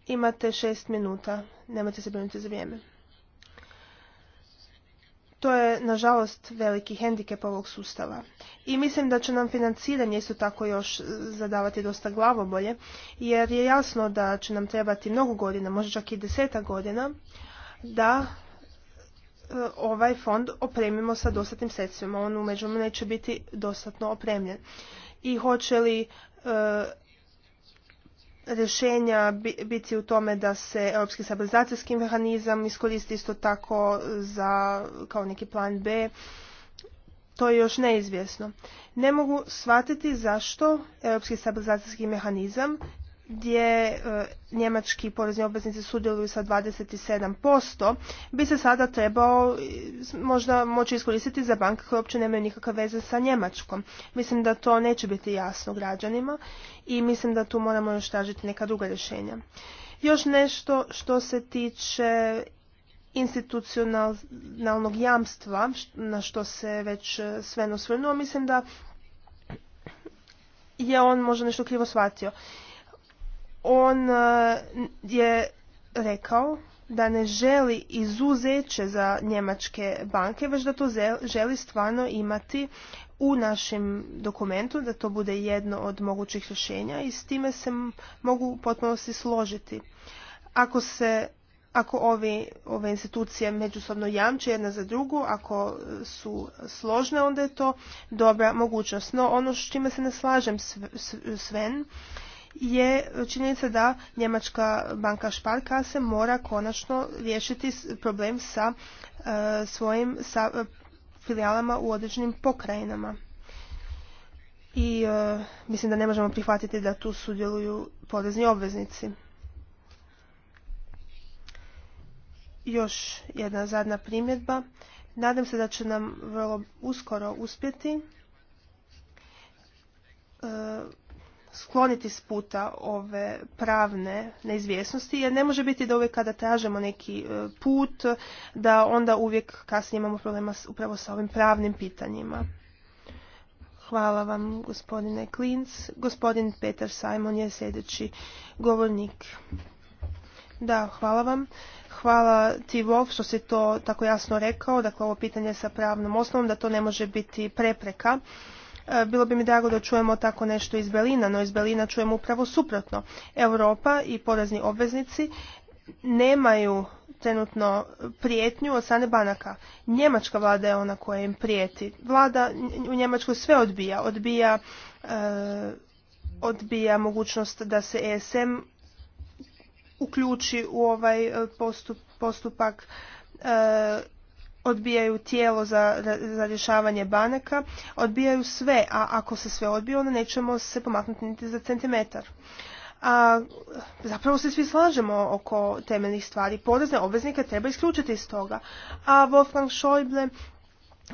Imate šest minuta, nemojte se brinuti za vrijeme. To je, nažalost, veliki hendikep ovog sustava. I mislim da će nam financiranje isto tako još zadavati dosta glavobolje, jer je jasno da će nam trebati mnogo godina, možda čak i deseta godina, da e, ovaj fond opremimo sa dostatnim sredstvima. On umeđu neće biti dostatno opremljen. I hoće li e, rješenja biti u tome da se europski stabilizacijski mehanizam iskoristi isto tako za kao neki plan B. To je još neizvjesno. Ne mogu shvatiti zašto europski stabilizacijski mehanizam gdje e, njemački porezni obveznici sudjeluju sa 27%, bi se sada trebao e, možda moći iskoristiti za banke koje uopće nemaju nikakve veze sa Njemačkom. Mislim da to neće biti jasno građanima i mislim da tu moramo još tražiti neka druga rješenja. Još nešto što se tiče institucionalnog jamstva, na što se već e, sve osvrnuo, mislim da je on možda nešto krivo shvatio on e, je rekao da ne želi izuzeće za njemačke banke, već da to želi stvarno imati u našem dokumentu, da to bude jedno od mogućih rješenja i s time se mogu potpuno potpunosti složiti. Ako se ako ovi, ove institucije međusobno jamče jedna za drugu, ako su složne, onda je to dobra mogućnost. No ono s čime se ne slažem Sven, je činjenica da Njemačka banka se mora konačno riješiti problem sa e, svojim sa, e, filijalama u određenim pokrajinama. I e, mislim da ne možemo prihvatiti da tu sudjeluju porezni obveznici. Još jedna zadna primjedba. Nadam se da će nam vrlo uskoro uspjeti skloniti s puta ove pravne neizvjesnosti jer ne može biti da uvijek kada tražemo neki e, put da onda uvijek kasnije imamo problema upravo sa ovim pravnim pitanjima. Hvala vam gospodine Klins. Gospodin Peter Simon je sljedeći govornik. Da, hvala vam. Hvala ti Wolf što si to tako jasno rekao, dakle ovo pitanje sa pravnom osnovom, da to ne može biti prepreka E, bilo bi mi drago da čujemo tako nešto iz Berlina, no iz Berlina čujemo upravo suprotno. Europa i porezni obveznici nemaju trenutno prijetnju od strane banaka. Njemačka vlada je ona koja im prijeti. Vlada u Njemačkoj sve odbija. Odbija, e, odbija mogućnost da se ESM uključi u ovaj e, postup, postupak odbijaju tijelo za, za rješavanje banaka, odbijaju sve, a ako se sve odbije, onda nećemo se pomaknuti niti za centimetar. A, zapravo se svi slažemo oko temeljnih stvari. Porezne obveznike treba isključiti iz toga. A Wolfgang Schäuble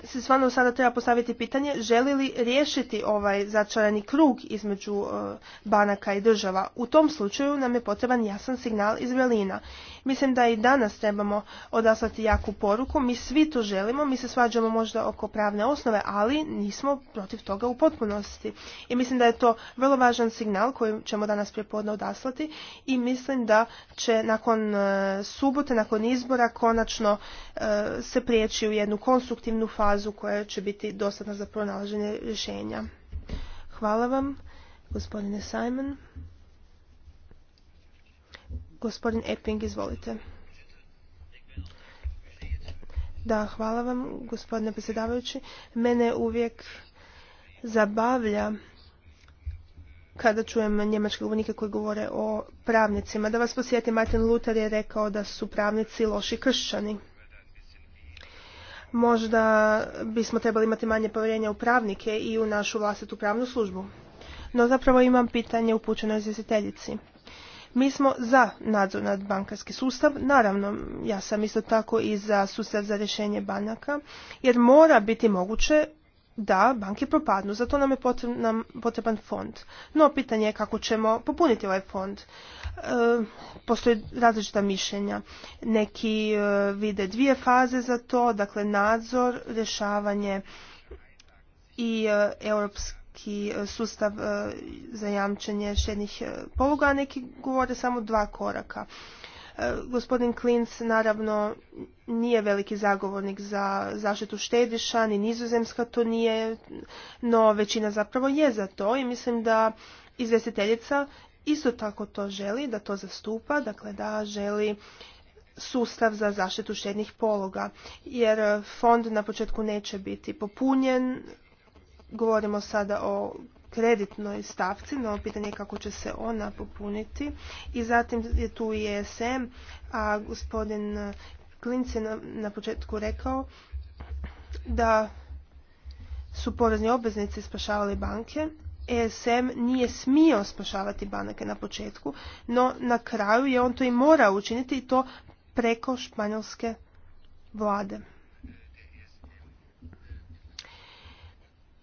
se stvarno sada treba postaviti pitanje želi li riješiti ovaj začarani krug između e, banaka i država. U tom slučaju nam je potreban jasan signal iz Berlina. Mislim da i danas trebamo odaslati jaku poruku. Mi svi to želimo, mi se svađamo možda oko pravne osnove, ali nismo protiv toga u potpunosti. I mislim da je to vrlo važan signal koji ćemo danas prijepodne odaslati i mislim da će nakon e, subote, nakon izbora konačno e, se prijeći u jednu konstruktivnu fazu koja će biti dostatna za pronalaženje rješenja. Hvala vam, gospodine Simon. Gospodin Epping, izvolite. Da, hvala vam, gospodine predsjedavajući. Mene uvijek zabavlja kada čujem njemačke govornike koji govore o pravnicima. Da vas posjetim, Martin Luther je rekao da su pravnici loši kršćani. Možda bismo trebali imati manje povjerenja u pravnike i u našu vlastitu pravnu službu. No zapravo imam pitanje upućeno izvjestiteljici. Mi smo za nadzor nad bankarski sustav, naravno ja sam isto tako i za sustav za rješenje banaka, jer mora biti moguće da banke propadnu, zato nam je potreban, fond. No, pitanje je kako ćemo popuniti ovaj fond. E, postoje različita mišljenja. Neki e, vide dvije faze za to, dakle nadzor, rješavanje i e, europski neki e, sustav e, za jamčenje štednih e, poluga, a neki govore samo dva koraka. Gospodin Klins naravno nije veliki zagovornik za zaštitu štediša, ni nizozemska to nije, no većina zapravo je za to i mislim da izvjestiteljica isto tako to želi, da to zastupa, dakle da želi sustav za zaštitu štednih pologa, jer fond na početku neće biti popunjen, govorimo sada o kreditnoj stavci, no pitanje je kako će se ona popuniti. I zatim je tu i ESM, a gospodin Klinc je na, početku rekao da su porezni obveznici spašavali banke. ESM nije smio spašavati banke na početku, no na kraju je on to i mora učiniti i to preko španjolske vlade.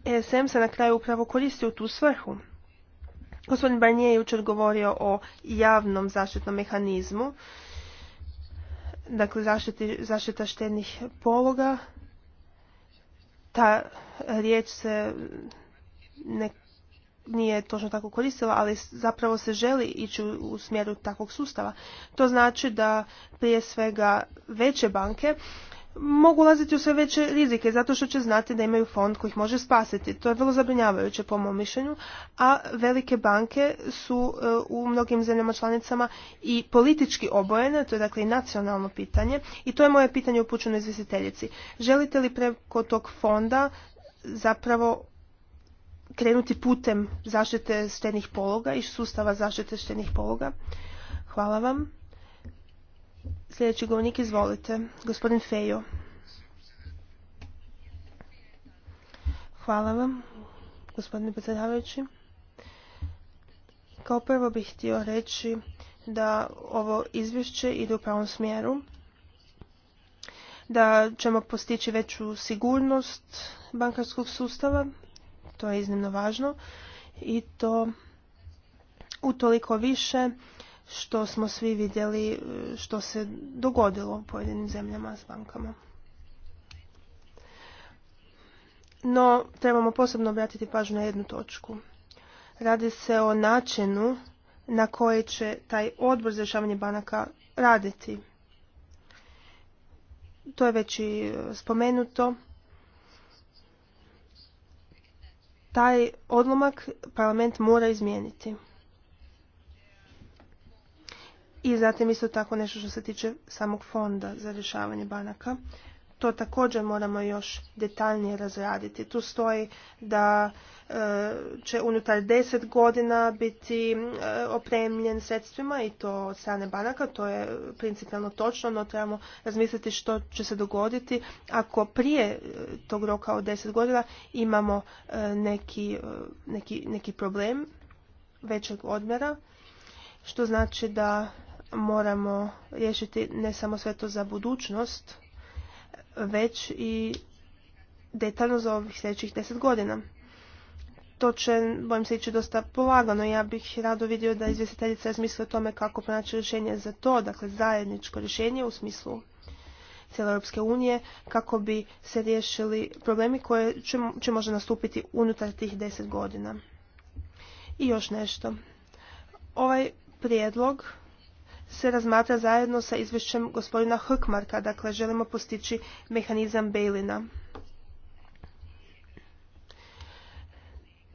ESM se na kraju upravo koristi u tu svrhu. Gospodin Barnier je jučer govorio o javnom zaštitnom mehanizmu, dakle zaštiti, zaštita štednih pologa. Ta riječ se ne, nije točno tako koristila, ali zapravo se želi ići u, u smjeru takvog sustava. To znači da prije svega veće banke mogu ulaziti u sve veće rizike zato što će znati da imaju fond koji ih može spasiti. To je vrlo zabrinjavajuće po mom mišljenju, a velike banke su e, u mnogim zemljama članicama i politički obojene, to je dakle i nacionalno pitanje i to je moje pitanje upućeno izvjestiteljici. Želite li preko tog fonda zapravo krenuti putem zaštite štenih pologa i sustava zaštite štenih pologa? Hvala vam. Sljedeći govornik, izvolite. Gospodin Fejo. Hvala vam, gospodine predsjedavajući. Kao prvo bih htio reći da ovo izvješće ide u pravom smjeru, da ćemo postići veću sigurnost bankarskog sustava, to je iznimno važno, i to utoliko više što smo svi vidjeli e, što se dogodilo u pojedinim zemljama s bankama. No, trebamo posebno obratiti pažnju na jednu točku. Radi se o načinu na koji će taj odbor za rješavanje banaka raditi. To je već i e, spomenuto. Taj odlomak parlament mora izmijeniti. I zatim isto tako nešto što se tiče samog fonda za rješavanje banaka. To također moramo još detaljnije razraditi. Tu stoji da e, će unutar deset godina biti e, opremljen sredstvima i to od strane banaka, to je principijalno točno, no trebamo razmisliti što će se dogoditi ako prije e, tog roka od deset godina imamo neki, neki, neki problem većeg odmjera, što znači da moramo riješiti ne samo sve to za budućnost, već i detaljno za ovih sljedećih deset godina. To će, bojim se, ići dosta polagano. Ja bih rado vidio da izvjestiteljica razmisle o tome kako pronaći rješenje za to, dakle zajedničko rješenje u smislu cijele Europske unije, kako bi se riješili problemi koje će, će možda nastupiti unutar tih deset godina. I još nešto. Ovaj prijedlog se razmatra zajedno sa izvješćem gospodina Hrkmarka, dakle želimo postići mehanizam Bejlina.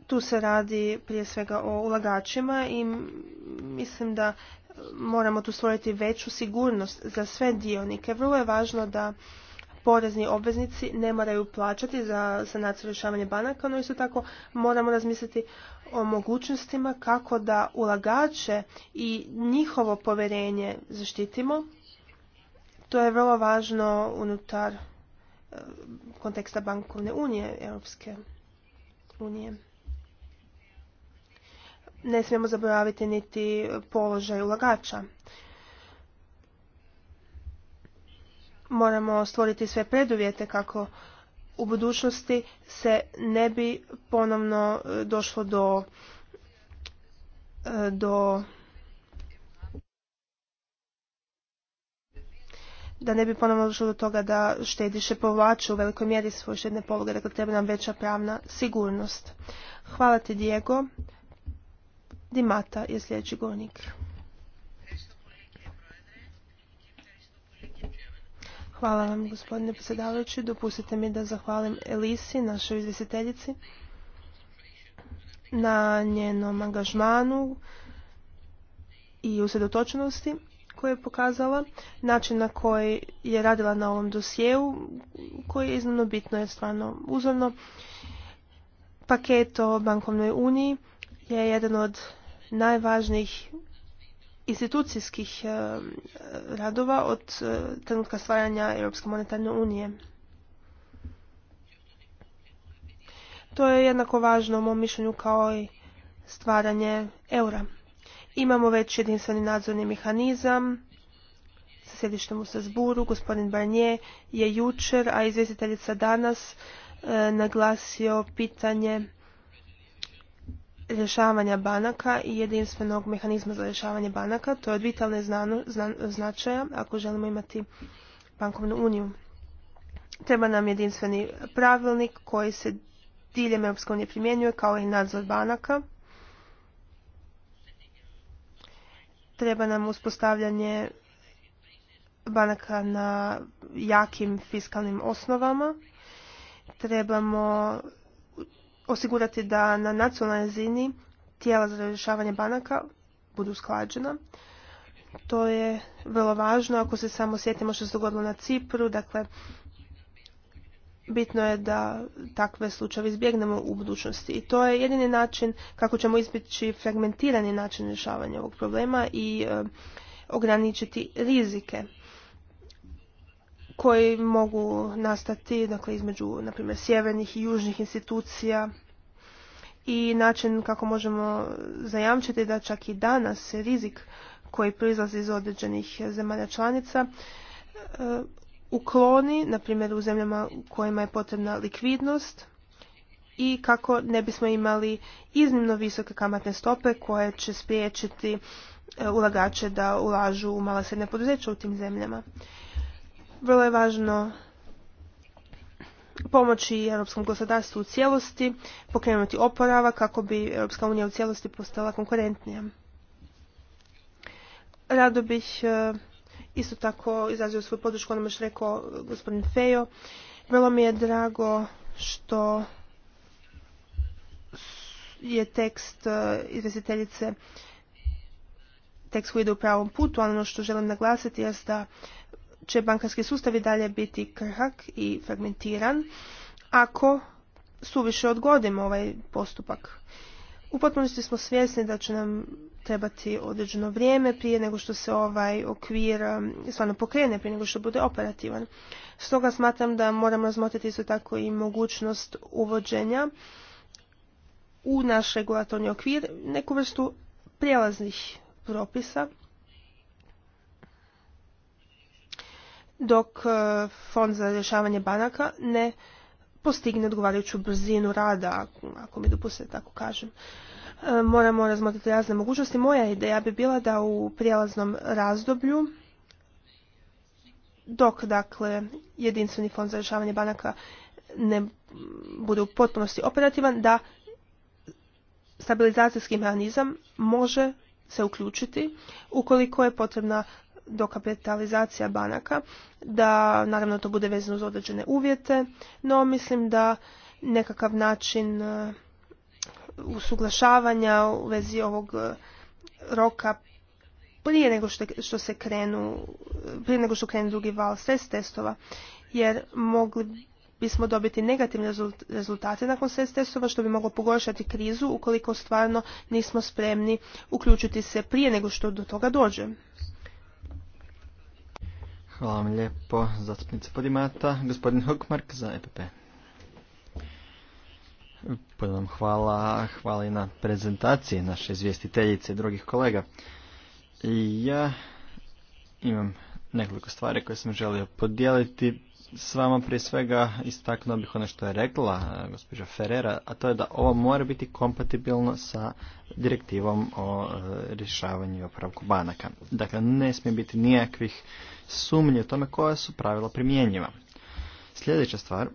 Tu se radi prije svega o ulagačima i mislim da moramo tu stvoriti veću sigurnost za sve dionike. Vrlo je važno da porezni obveznici ne moraju plaćati za sanaciju rješavanje banaka, no isto tako moramo razmisliti o mogućnostima kako da ulagače i njihovo povjerenje zaštitimo. To je vrlo važno unutar e, konteksta bankovne unije, Europske unije. Ne smijemo zaboraviti niti položaj ulagača. Moramo stvoriti sve preduvjete kako u budućnosti se ne bi ponovno e, došlo do e, do da ne bi ponovno došlo do toga da štediše povlače u velikoj mjeri svoje štedne pologe, dakle treba nam veća pravna sigurnost. Hvala ti Diego. Dimata je sljedeći govornik. Hvala vam gospodine predsjedavajući. Dopustite mi da zahvalim Elisi, našoj izvjestiteljici, na njenom angažmanu i usredotočenosti koje je pokazala, način na koji je radila na ovom dosjeu, koji je iznimno bitno je stvarno uzorno. Paket o bankovnoj uniji je jedan od najvažnijih institucijskih eh, radova od eh, trenutka stvaranja Europske monetarne unije. To je jednako važno u mom mišljenju kao i stvaranje eura. Imamo već jedinstveni nadzorni mehanizam sa sjedištem u Sazburu. Gospodin Barnier je jučer, a izvjestiteljica danas eh, naglasio pitanje rješavanja banaka i jedinstvenog mehanizma za rješavanje banaka. To je od vitalne značaja ako želimo imati bankovnu uniju. Treba nam jedinstveni pravilnik koji se diljem Europske unije primjenjuje kao i nadzor banaka. Treba nam uspostavljanje banaka na jakim fiskalnim osnovama. Trebamo osigurati da na nacionalnoj razini tijela za rješavanje banaka budu usklađena. To je vrlo važno ako se samo sjetimo što se dogodilo na Cipru, dakle bitno je da takve slučajeve izbjegnemo u budućnosti. I to je jedini način kako ćemo izbjeći fragmentirani način rješavanja ovog problema i e, ograničiti rizike koji mogu nastati dakle, između naprimjer, sjevernih i južnih institucija i način kako možemo zajamčiti da čak i danas rizik koji proizlazi iz određenih zemalja članica e, ukloni, na primjer u zemljama u kojima je potrebna likvidnost i kako ne bismo imali iznimno visoke kamatne stope koje će spriječiti e, ulagače da ulažu u mala srednja poduzeća u tim zemljama. Vrlo je važno pomoći europskom gospodarstvu u cijelosti, pokrenuti oporava kako bi Europska unija u cijelosti postala konkurentnija. Rado bih e, isto tako izrazio svoju podršku onome što rekao gospodin Fejo. Vrlo mi je drago što je tekst e, izvjestiteljice tekst koji ide u pravom putu, ali ono što želim naglasiti je da će bankarski sustav i dalje biti krhak i fragmentiran ako suviše odgodimo ovaj postupak. U potpunosti smo svjesni da će nam trebati određeno vrijeme prije nego što se ovaj okvir um, stvarno pokrene, prije nego što bude operativan. Stoga smatram da moramo razmotriti isto tako i mogućnost uvođenja u naš regulatorni okvir neku vrstu prijelaznih propisa dok e, fond za rješavanje banaka ne postigne odgovarajuću brzinu rada, ako mi dopustite tako kažem. E, moramo razmotriti razne mogućnosti. Moja ideja bi bila da u prijelaznom razdoblju, dok dakle jedinstveni fond za rješavanje banaka ne bude u potpunosti operativan, da stabilizacijski mehanizam može se uključiti ukoliko je potrebna dokapitalizacija banaka, da naravno to bude vezano uz određene uvjete, no mislim da nekakav način e, usuglašavanja u vezi ovog e, roka prije nego što, se krenu, prije nego što krene drugi val stres testova, jer mogli bismo dobiti negativne rezultate nakon stres testova što bi moglo pogoršati krizu ukoliko stvarno nismo spremni uključiti se prije nego što do toga dođe. Hvala vam lijepo, zastupnice Podimata. Gospodin Hukmark za EPP. Puno vam hvala, hvala i na prezentaciji naše izvjestiteljice i drugih kolega. I ja imam nekoliko stvari koje sam želio podijeliti s vama prije svega istaknuo bih ono što je rekla eh, gospođa Ferrera, a to je da ovo mora biti kompatibilno sa direktivom o eh, rješavanju i opravku banaka. Dakle, ne smije biti nijakvih sumnji o tome koja su pravila primjenjiva. Sljedeća stvar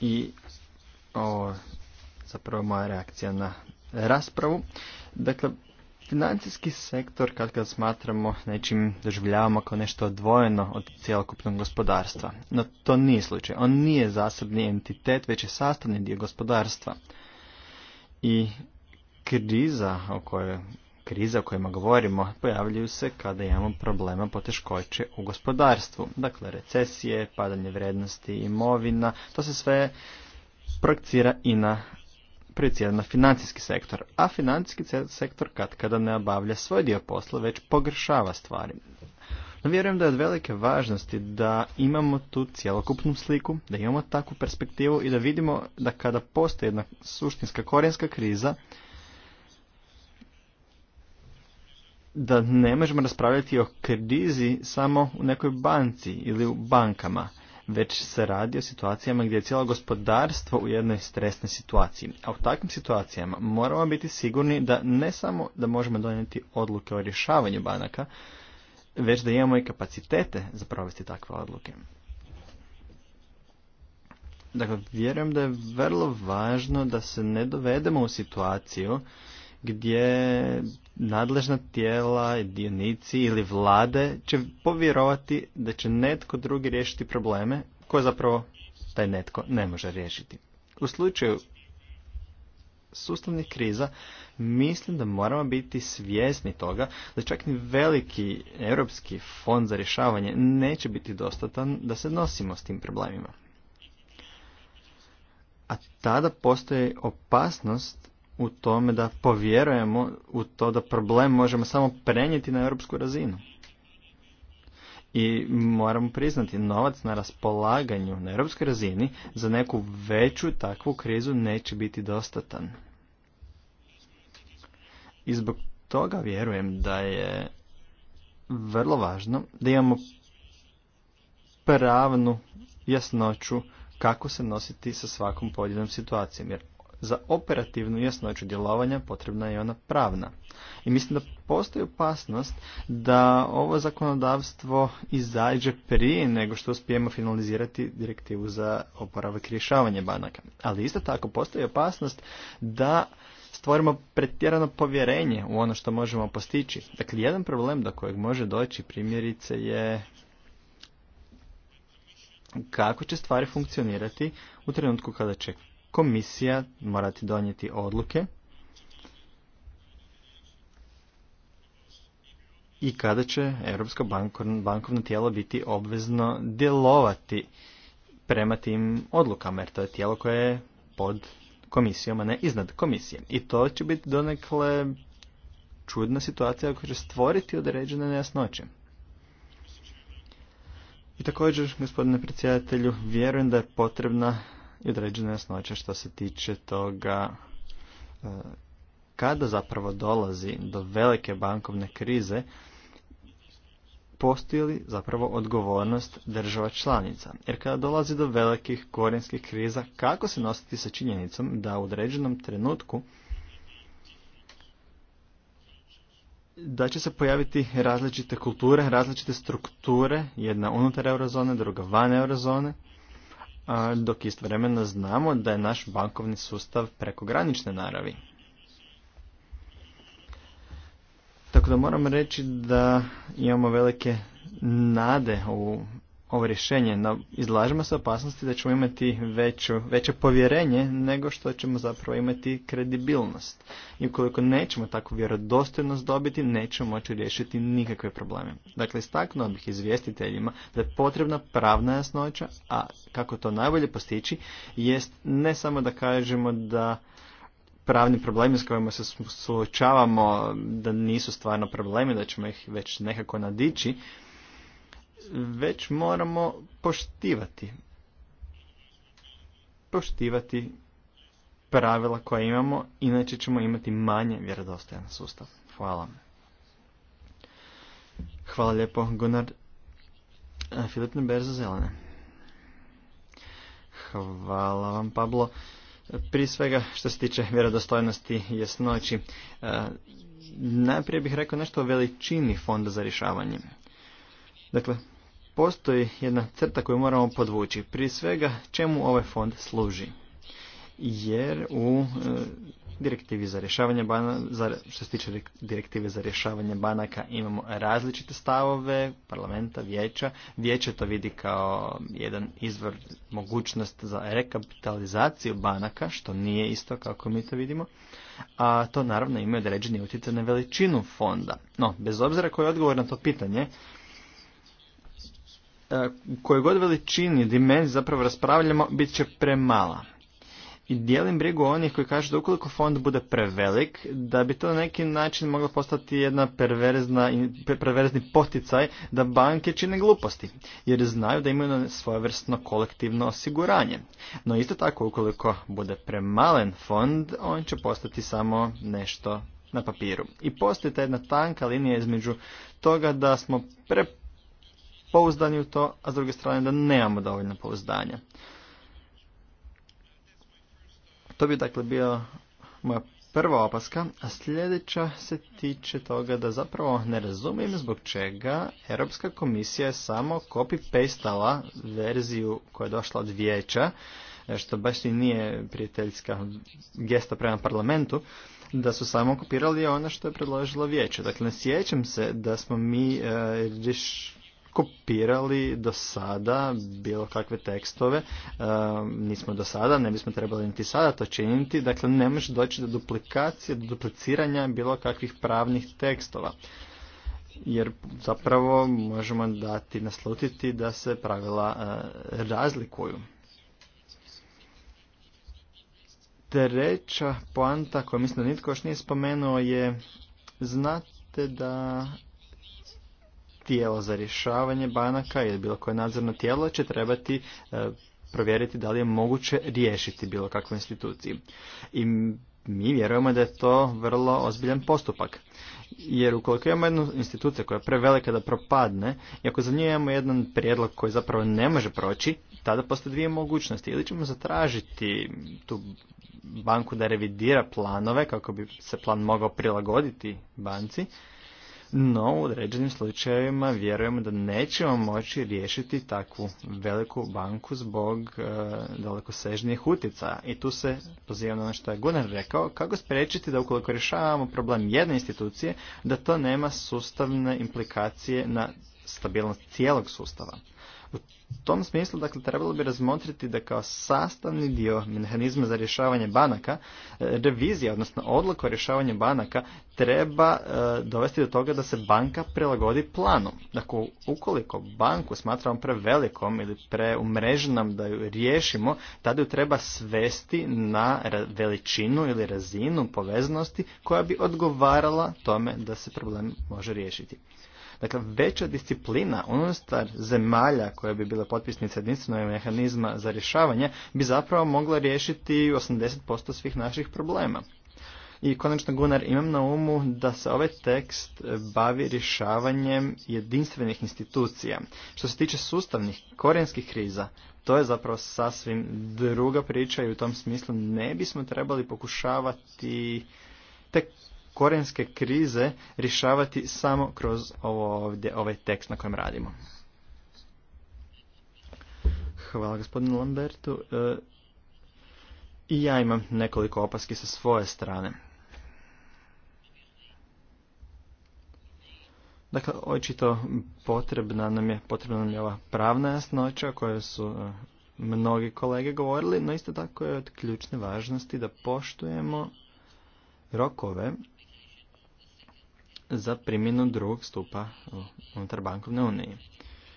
i o, zapravo moja reakcija na raspravu. Dakle, Financijski sektor, kad ga smatramo nečim, doživljavamo kao nešto odvojeno od cjelokupnog gospodarstva. No to nije slučaj. On nije zasebni entitet, već je sastavni dio gospodarstva. I kriza o kojoj kriza o kojima govorimo pojavljuju se kada imamo problema poteškoće u gospodarstvu. Dakle, recesije, padanje vrednosti imovina, to se sve projekcira i na na financijski sektor, a financijski sektor kad kada ne obavlja svoj dio posla, već pogrešava stvari. No vjerujem da je od velike važnosti da imamo tu cjelokupnu sliku, da imamo takvu perspektivu i da vidimo da kada postoji jedna suštinska korijenska kriza, da ne možemo raspravljati o krizi samo u nekoj banci ili u bankama već se radi o situacijama gdje je cijelo gospodarstvo u jednoj stresnoj situaciji. A u takvim situacijama moramo biti sigurni da ne samo da možemo donijeti odluke o rješavanju banaka, već da imamo i kapacitete za provesti takve odluke. Dakle, vjerujem da je vrlo važno da se ne dovedemo u situaciju gdje nadležna tijela, dionici ili vlade će povjerovati da će netko drugi riješiti probleme koje zapravo taj netko ne može riješiti. U slučaju sustavnih kriza mislim da moramo biti svjesni toga da čak ni veliki europski fond za rješavanje neće biti dostatan da se nosimo s tim problemima. A tada postoji opasnost u tome da povjerujemo u to da problem možemo samo prenijeti na europsku razinu. I moramo priznati, novac na raspolaganju na europskoj razini za neku veću takvu krizu neće biti dostatan. I zbog toga vjerujem da je vrlo važno da imamo pravnu jasnoću kako se nositi sa svakom pojedinom situacijom. Jer za operativnu jasnoću djelovanja potrebna je ona pravna. I mislim da postoji opasnost da ovo zakonodavstvo izađe prije nego što uspijemo finalizirati direktivu za oporavak i rješavanje banaka. Ali isto tako postoji opasnost da stvorimo pretjerano povjerenje u ono što možemo postići. Dakle, jedan problem do kojeg može doći primjerice je kako će stvari funkcionirati u trenutku kada će komisija morati donijeti odluke i kada će Europsko bankovno tijelo biti obvezno djelovati prema tim odlukama, jer to je tijelo koje je pod komisijom, a ne iznad komisije. I to će biti donekle čudna situacija koja će stvoriti određene nejasnoće. I također, gospodine predsjedatelju, vjerujem da je potrebna i određene jasnoće što se tiče toga e, kada zapravo dolazi do velike bankovne krize, postoji li zapravo odgovornost država članica. Jer kada dolazi do velikih korijenskih kriza, kako se nositi sa činjenicom da u određenom trenutku da će se pojaviti različite kulture, različite strukture, jedna unutar eurozone, druga van eurozone, dok istovremeno znamo da je naš bankovni sustav prekogranične naravi. Tako da moram reći da imamo velike nade u ovo rješenje, izlažemo se opasnosti da ćemo imati veću, veće povjerenje nego što ćemo zapravo imati kredibilnost. I ukoliko nećemo takvu vjerodostojnost dobiti, nećemo moći riješiti nikakve probleme. Dakle, istaknuo bih izvjestiteljima da je potrebna pravna jasnoća, a kako to najbolje postići, jest ne samo da kažemo da pravni problemi s kojima se suočavamo da nisu stvarno problemi, da ćemo ih već nekako nadići, već moramo poštivati. Poštivati pravila koja imamo, inače ćemo imati manje vjerodostojan sustav. Hvala. Hvala lijepo, Gunnar. Filip Neberza, zelene. Hvala vam, Pablo. Prije svega, što se tiče vjerodostojnosti i jasnoći, najprije bih rekao nešto o veličini fonda za rješavanje. Dakle, postoji jedna crta koju moramo podvući. Prije svega, čemu ovaj fond služi? Jer u e, direktivi za rješavanje banaka, što se tiče direktive za rješavanje banaka, imamo različite stavove parlamenta, vijeća. Vijeće to vidi kao jedan izvor mogućnost za rekapitalizaciju banaka, što nije isto kako mi to vidimo. A to naravno ima određeni utjecaj na veličinu fonda. No, bez obzira koji je odgovor na to pitanje, koje god veličini dimenzije zapravo raspravljamo bit će premala. I dijelim brigu onih koji kažu da ukoliko fond bude prevelik, da bi to na neki način moglo postati jedna perverzna, perverzni poticaj da banke čine gluposti, jer znaju da imaju svojevrsno kolektivno osiguranje. No isto tako, ukoliko bude premalen fond, on će postati samo nešto na papiru. I postoji ta jedna tanka linija između toga da smo pre pouzdani u to, a s druge strane da nemamo dovoljno pouzdanja. To bi dakle bio moja prva opaska, a sljedeća se tiče toga da zapravo ne razumijem zbog čega Europska komisija je samo copy-pastala verziju koja je došla od vijeća, e, što baš i nije prijateljska gesta prema parlamentu, da su samo kopirali ono što je predložilo vijeće. Dakle, ne sjećam se da smo mi e, kopirali do sada bilo kakve tekstove. E, nismo do sada, ne bismo trebali niti sada to činiti. Dakle, ne može doći do duplikacije, do dupliciranja bilo kakvih pravnih tekstova. Jer zapravo možemo dati naslutiti da se pravila e, razlikuju. Treća poanta koju mislim da nitko još nije spomenuo je znate da tijelo za rješavanje banaka ili bilo koje nadzorno tijelo će trebati e, provjeriti da li je moguće riješiti bilo kakvu instituciju. I mi vjerujemo da je to vrlo ozbiljan postupak. Jer ukoliko imamo jednu instituciju koja je prevelika da propadne, i ako za nju imamo jedan prijedlog koji zapravo ne može proći, tada postoje dvije mogućnosti. Ili ćemo zatražiti tu banku da revidira planove kako bi se plan mogao prilagoditi banci, no u određenim slučajevima vjerujemo da nećemo moći riješiti takvu veliku banku zbog e, daleko utjecaja. I tu se pozivam na ono što je Gunnar rekao, kako spriječiti da ukoliko rješavamo problem jedne institucije, da to nema sustavne implikacije na stabilnost cijelog sustava. U tom smislu, dakle, trebalo bi razmotriti da kao sastavni dio mehanizma za rješavanje banaka, e, revizija, odnosno odluka o rješavanju banaka, treba e, dovesti do toga da se banka prilagodi planu. Dakle, ukoliko banku smatramo prevelikom ili preumreženom da ju riješimo, tada ju treba svesti na veličinu ili razinu poveznosti koja bi odgovarala tome da se problem može riješiti. Dakle, veća disciplina unutar zemalja koja bi bila potpisnica jedinstvenog mehanizma za rješavanje bi zapravo mogla riješiti 80% svih naših problema. I konačno, Gunar, imam na umu da se ovaj tekst bavi rješavanjem jedinstvenih institucija. Što se tiče sustavnih, korijenskih kriza, to je zapravo sasvim druga priča i u tom smislu ne bismo trebali pokušavati korenske krize rješavati samo kroz ovo ovdje, ovaj tekst na kojem radimo. Hvala gospodinu Lambertu. E, I ja imam nekoliko opaski sa svoje strane. Dakle, očito potrebna nam je, potrebna nam je ova pravna jasnoća o kojoj su e, mnogi kolege govorili, no isto tako je od ključne važnosti da poštujemo rokove za primjenu drugog stupa unutar bankovne unije.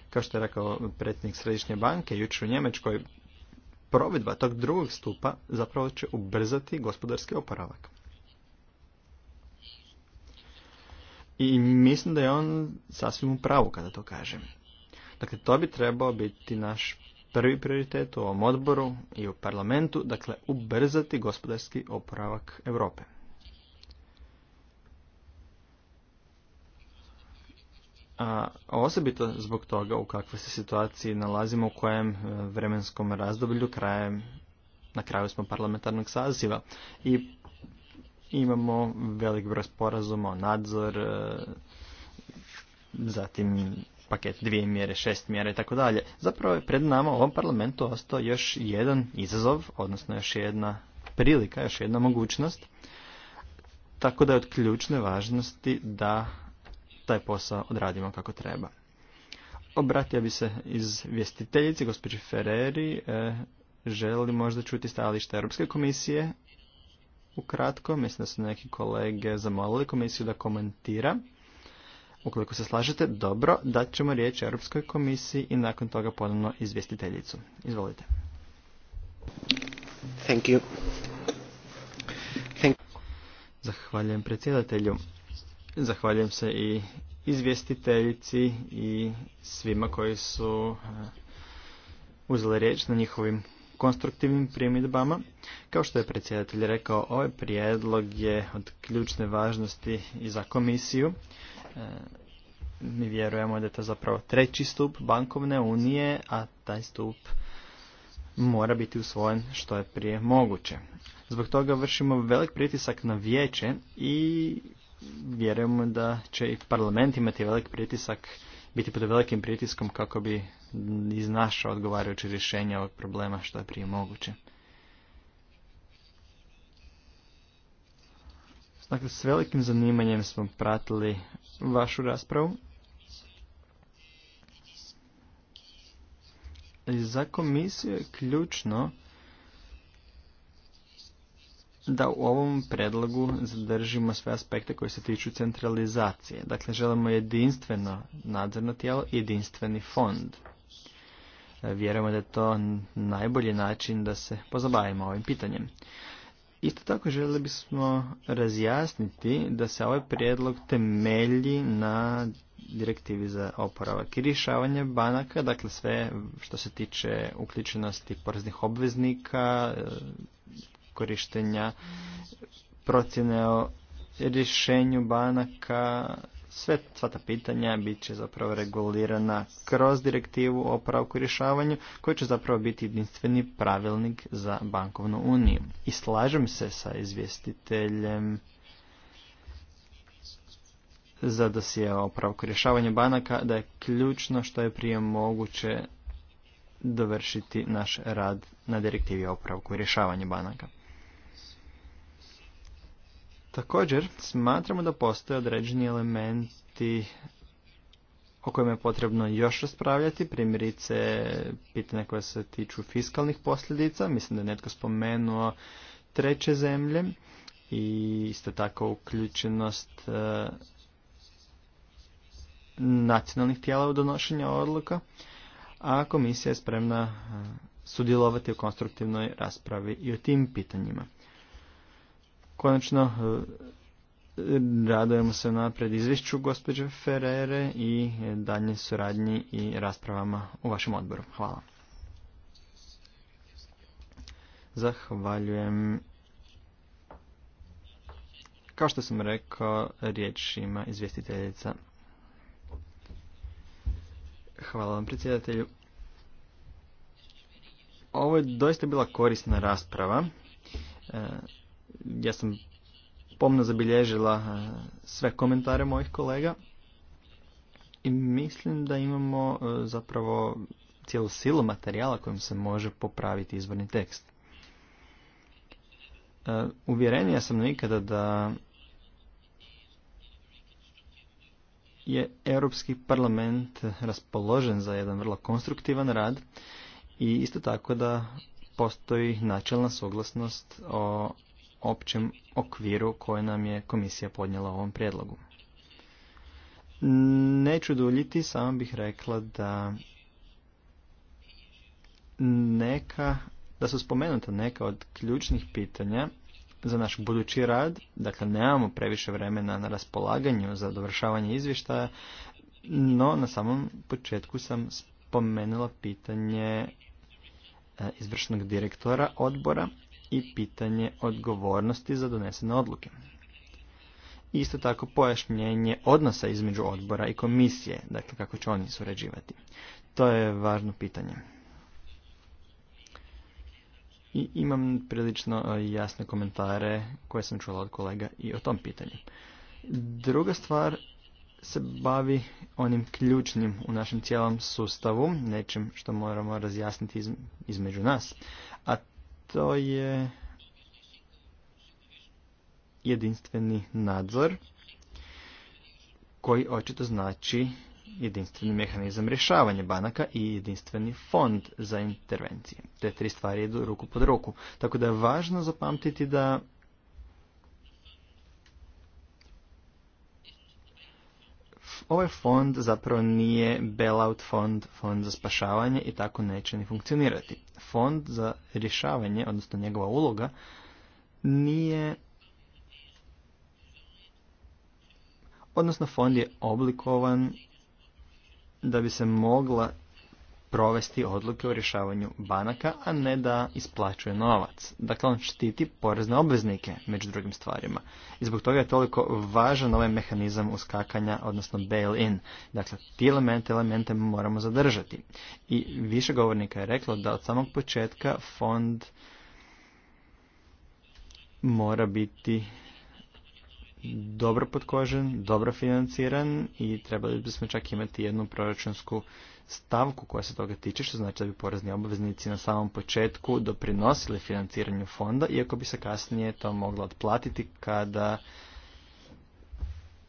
Kao što je rekao predsjednik Središnje banke jučer u Njemačkoj, provedba tog drugog stupa zapravo će ubrzati gospodarski oporavak. I mislim da je on sasvim u pravu kada to kažem. Dakle, to bi trebao biti naš prvi prioritet u ovom odboru i u parlamentu, dakle, ubrzati gospodarski oporavak Europe. A osobito zbog toga u kakvoj se situaciji nalazimo u kojem e, vremenskom razdoblju krajem, na kraju smo parlamentarnog saziva i imamo velik broj sporazuma, nadzor, e, zatim paket dvije mjere, šest mjera i tako dalje. Zapravo je pred nama u ovom parlamentu ostao još jedan izazov, odnosno još jedna prilika, još jedna mogućnost. Tako da je od ključne važnosti da taj posao odradimo kako treba. Obratio bi se izvjestiteljici, gospođi Ferreri, e, želi možda čuti stajalište Europske komisije? Ukratko, mislim da su neki kolege zamolili komisiju da komentira. Ukoliko se slažete, dobro, dat ćemo riječ Europskoj komisiji i nakon toga ponovno izvjestiteljicu. Izvolite. Thank you. Zahvaljujem predsjedatelju. Zahvaljujem se i izvjestiteljici i svima koji su eh, uzeli riječ na njihovim konstruktivnim primjedbama. Kao što je predsjedatelj rekao, ovaj prijedlog je od ključne važnosti i za komisiju. Eh, mi vjerujemo da je to zapravo treći stup bankovne unije, a taj stup mora biti usvojen što je prije moguće. Zbog toga vršimo velik pritisak na vijeće i Vjerujem da će i parlament imati velik pritisak, biti pod velikim pritiskom kako bi iznašao odgovarajuće rješenje ovog problema što je prije moguće. Dakle, s velikim zanimanjem smo pratili vašu raspravu. za komisiju je ključno da u ovom predlogu zadržimo sve aspekte koji se tiču centralizacije. Dakle, želimo jedinstveno nadzorno tijelo i jedinstveni fond. E, vjerujemo da je to najbolji način da se pozabavimo ovim pitanjem. Isto tako željeli bismo razjasniti da se ovaj prijedlog temelji na direktivi za oporavak i rješavanje banaka, dakle sve što se tiče uključenosti poreznih obveznika, korištenja, procjene o rješenju banaka, sve, sva ta pitanja bit će zapravo regulirana kroz direktivu o pravku rješavanju koji će zapravo biti jedinstveni pravilnik za bankovnu uniju. I slažem se sa izvjestiteljem za dosije o pravku rješavanju banaka da je ključno što je prije moguće dovršiti naš rad na direktivi o pravku rješavanju banaka. Također, smatramo da postoje određeni elementi o kojima je potrebno još raspravljati, primjerice pitanja koja se tiču fiskalnih posljedica, mislim da je netko spomenuo treće zemlje i isto tako uključenost e, nacionalnih tijela u donošenju odluka, a komisija je spremna e, sudjelovati u konstruktivnoj raspravi i o tim pitanjima. Konačno, e, radujemo se napred izvješću gospođe Ferrere i e, dalje suradnji i raspravama u vašem odboru. Hvala. Zahvaljujem. Kao što sam rekao, riječ ima izvjestiteljica. Hvala vam predsjedatelju. Ovo je doista bila korisna rasprava. E, ja sam pomno zabilježila e, sve komentare mojih kolega i mislim da imamo e, zapravo cijelu silu materijala kojim se može popraviti izvorni tekst. E, uvjerenija sam nikada da je Europski parlament raspoložen za jedan vrlo konstruktivan rad i isto tako da postoji načelna suglasnost o općem okviru koje nam je komisija podnijela u ovom prijedlogu. Neću duljiti, samo bih rekla da neka, da su spomenuta neka od ključnih pitanja za naš budući rad, dakle nemamo previše vremena na raspolaganju za dovršavanje izvještaja, no na samom početku sam spomenula pitanje e, izvršnog direktora odbora i pitanje odgovornosti za donesene odluke. Isto tako pojašnjenje odnosa između odbora i komisije, dakle kako će oni surađivati. To je važno pitanje. I imam prilično e, jasne komentare koje sam čula od kolega i o tom pitanju. Druga stvar se bavi onim ključnim u našem cijelom sustavu, nečim što moramo razjasniti između nas, to je jedinstveni nadzor koji očito znači jedinstveni mehanizam rješavanja banaka i jedinstveni fond za intervencije. Te tri stvari idu ruku pod ruku. Tako da je važno zapamtiti da ovaj fond zapravo nije bailout fond, fond za spašavanje i tako neće ni funkcionirati. Fond za rješavanje, odnosno njegova uloga, nije... Odnosno fond je oblikovan da bi se mogla provesti odluke o rješavanju banaka, a ne da isplaćuje novac. Dakle, on štiti porezne obveznike, među drugim stvarima. I zbog toga je toliko važan ovaj mehanizam uskakanja, odnosno bail-in. Dakle, ti elemente, elemente moramo zadržati. I više govornika je reklo da od samog početka fond mora biti dobro potkožen, dobro financiran i trebali bismo čak imati jednu proračunsku stavku koja se toga tiče, što znači da bi porezni obveznici na samom početku doprinosili financiranju fonda, iako bi se kasnije to moglo otplatiti kada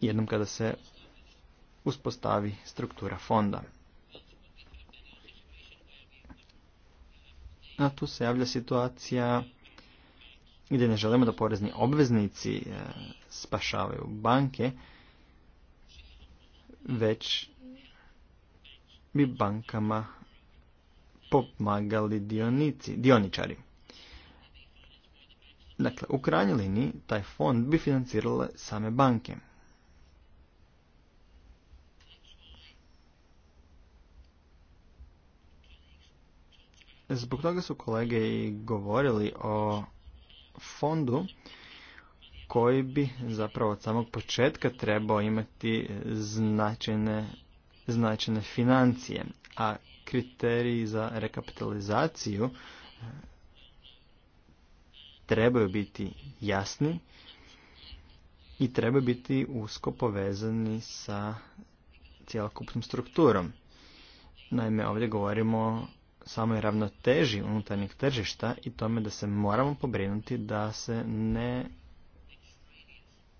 jednom kada se uspostavi struktura fonda. A tu se javlja situacija gdje ne želimo da porezni obveznici e, spašavaju banke, već bi bankama pomagali dionici, dioničari. Dakle, u krajnjoj liniji taj fond bi financirale same banke. Zbog toga su kolege i govorili o fondu koji bi zapravo od samog početka trebao imati značajne, značajne financije, a kriteriji za rekapitalizaciju eh, trebaju biti jasni i trebaju biti usko povezani sa cjelokupnom strukturom. Naime, ovdje govorimo samoj ravnoteži unutarnjeg tržišta i tome da se moramo pobrinuti da se ne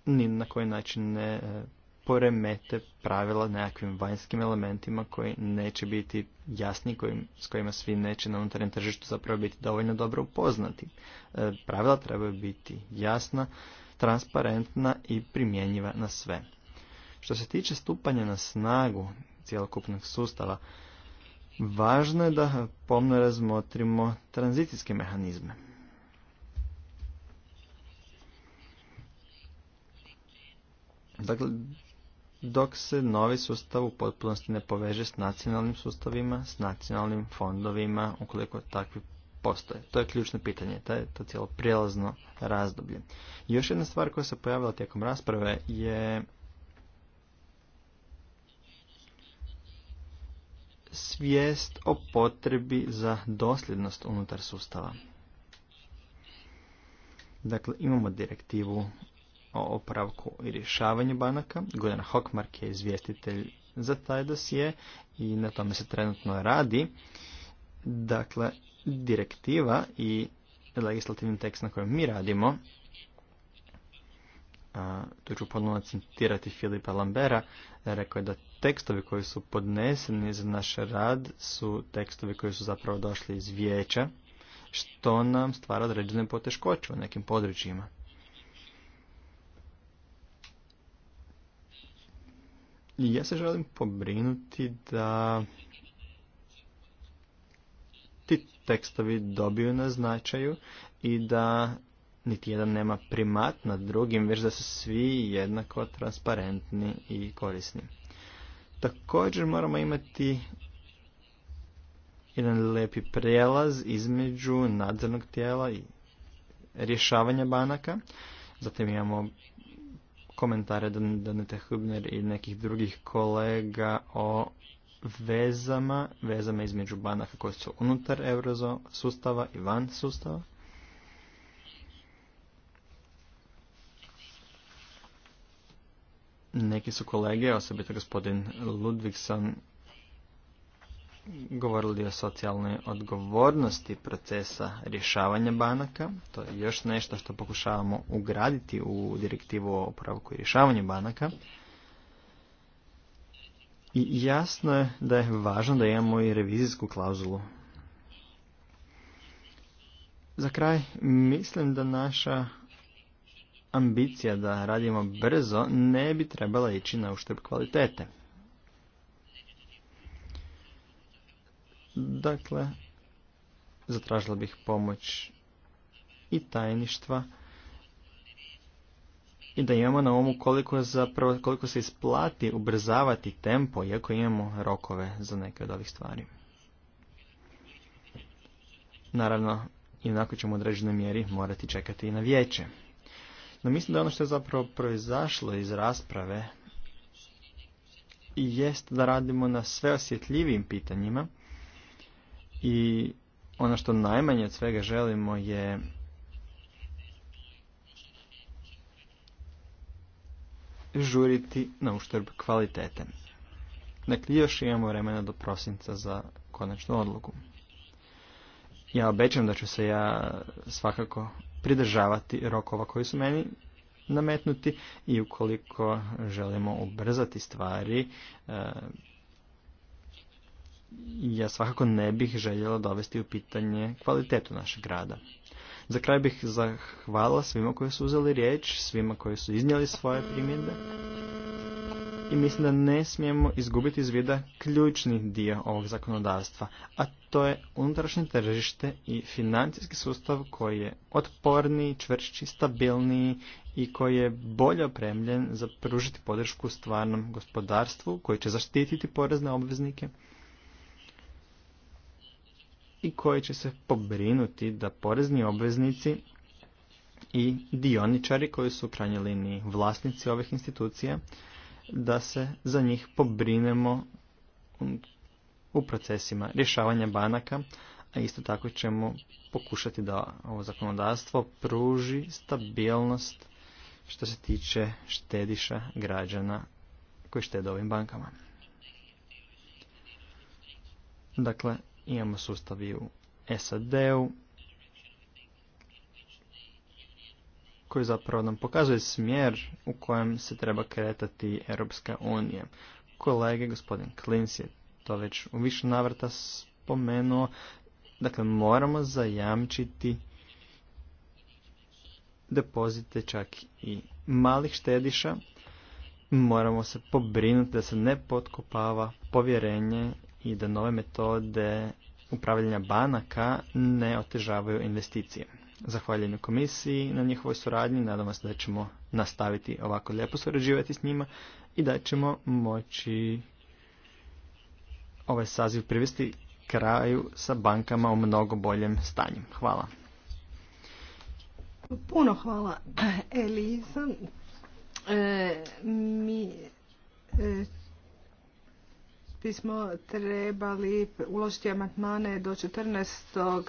ni na koji način ne e, poremete pravila nekakvim vanjskim elementima koji neće biti jasni, kojim, s kojima svi neće na unutarnjem tržištu zapravo biti dovoljno dobro upoznati. E, pravila trebaju biti jasna, transparentna i primjenjiva na sve. Što se tiče stupanja na snagu cijelokupnog sustava, Važno je da pomno razmotrimo tranzicijske mehanizme. Dakle, dok se novi sustav u potpunosti ne poveže s nacionalnim sustavima, s nacionalnim fondovima, ukoliko takvi postoje. To je ključno pitanje, to je to cijelo prijelazno razdoblje. još jedna stvar koja se pojavila tijekom rasprave je svijest o potrebi za dosljednost unutar sustava. Dakle, imamo direktivu o opravku i rješavanju banaka. Goran Hockmark je izvjestitelj za taj dosije i na tome se trenutno radi. Dakle, direktiva i legislativni tekst na kojem mi radimo, a, tu ću ponovno citirati Filipa Lambera, rekao je da tekstovi koji su podneseni za naš rad su tekstovi koji su zapravo došli iz vijeća, što nam stvara određene poteškoće u nekim područjima. Ja se želim pobrinuti da ti tekstovi dobiju na značaju i da niti jedan nema primat nad drugim, već da su svi jednako transparentni i korisni. Također moramo imati jedan lepi prijelaz između nadzornog tijela i rješavanja banaka. Zatim imamo komentare Donete Hubner i nekih drugih kolega o vezama, vezama između banaka koje su unutar eurozo sustava i van sustava. Neki su kolege, osobito gospodin Ludvigson, govorili o socijalnoj odgovornosti procesa rješavanja banaka. To je još nešto što pokušavamo ugraditi u direktivu o upravku i rješavanju banaka. I jasno je da je važno da imamo i revizijsku klauzulu. Za kraj, mislim da naša ambicija da radimo brzo ne bi trebala ići na uštrb kvalitete. Dakle, zatražila bih pomoć i tajništva i da imamo na umu koliko, koliko se isplati ubrzavati tempo, iako imamo rokove za neke od ovih stvari. Naravno, inako ćemo u određenoj mjeri morati čekati i na vijeće. No mislim da ono što je zapravo proizašlo iz rasprave jest da radimo na sve osjetljivim pitanjima i ono što najmanje od svega želimo je žuriti na uštrb kvalitete. Dakle, još imamo vremena do prosinca za konačnu odluku. Ja obećam da ću se ja svakako pridržavati rokova koji su meni nametnuti i ukoliko želimo ubrzati stvari, e, ja svakako ne bih željela dovesti u pitanje kvalitetu našeg rada. Za kraj bih zahvala svima koji su uzeli riječ, svima koji su iznijeli svoje primjedbe i mislim da ne smijemo izgubiti iz vida ključni dio ovog zakonodavstva, a to je unutrašnje tržište i financijski sustav koji je otporniji, čvršći, stabilniji i koji je bolje opremljen za pružiti podršku stvarnom gospodarstvu koji će zaštititi porezne obveznike i koji će se pobrinuti da porezni obveznici i dioničari koji su u krajnjoj liniji vlasnici ovih institucija da se za njih pobrinemo u procesima rješavanja banaka, a isto tako ćemo pokušati da ovo zakonodavstvo pruži stabilnost što se tiče štediša građana koji štede ovim bankama. Dakle, imamo sustav i u SAD-u, koji zapravo nam pokazuje smjer u kojem se treba kretati Europska unija. Kolege, gospodin Klins je to već u više navrata spomenuo. Dakle, moramo zajamčiti depozite čak i malih štediša. Moramo se pobrinuti da se ne potkopava povjerenje i da nove metode upravljanja banaka ne otežavaju investicije. Zahvaljujem komisiji na njihovoj suradnji. Nadam se da ćemo nastaviti ovako lijepo surađivati s njima i da ćemo moći ovaj saziv privesti kraju sa bankama u mnogo boljem stanju. Hvala. Puno hvala Eliza. E, mi e, bismo trebali uložiti amatmane do 14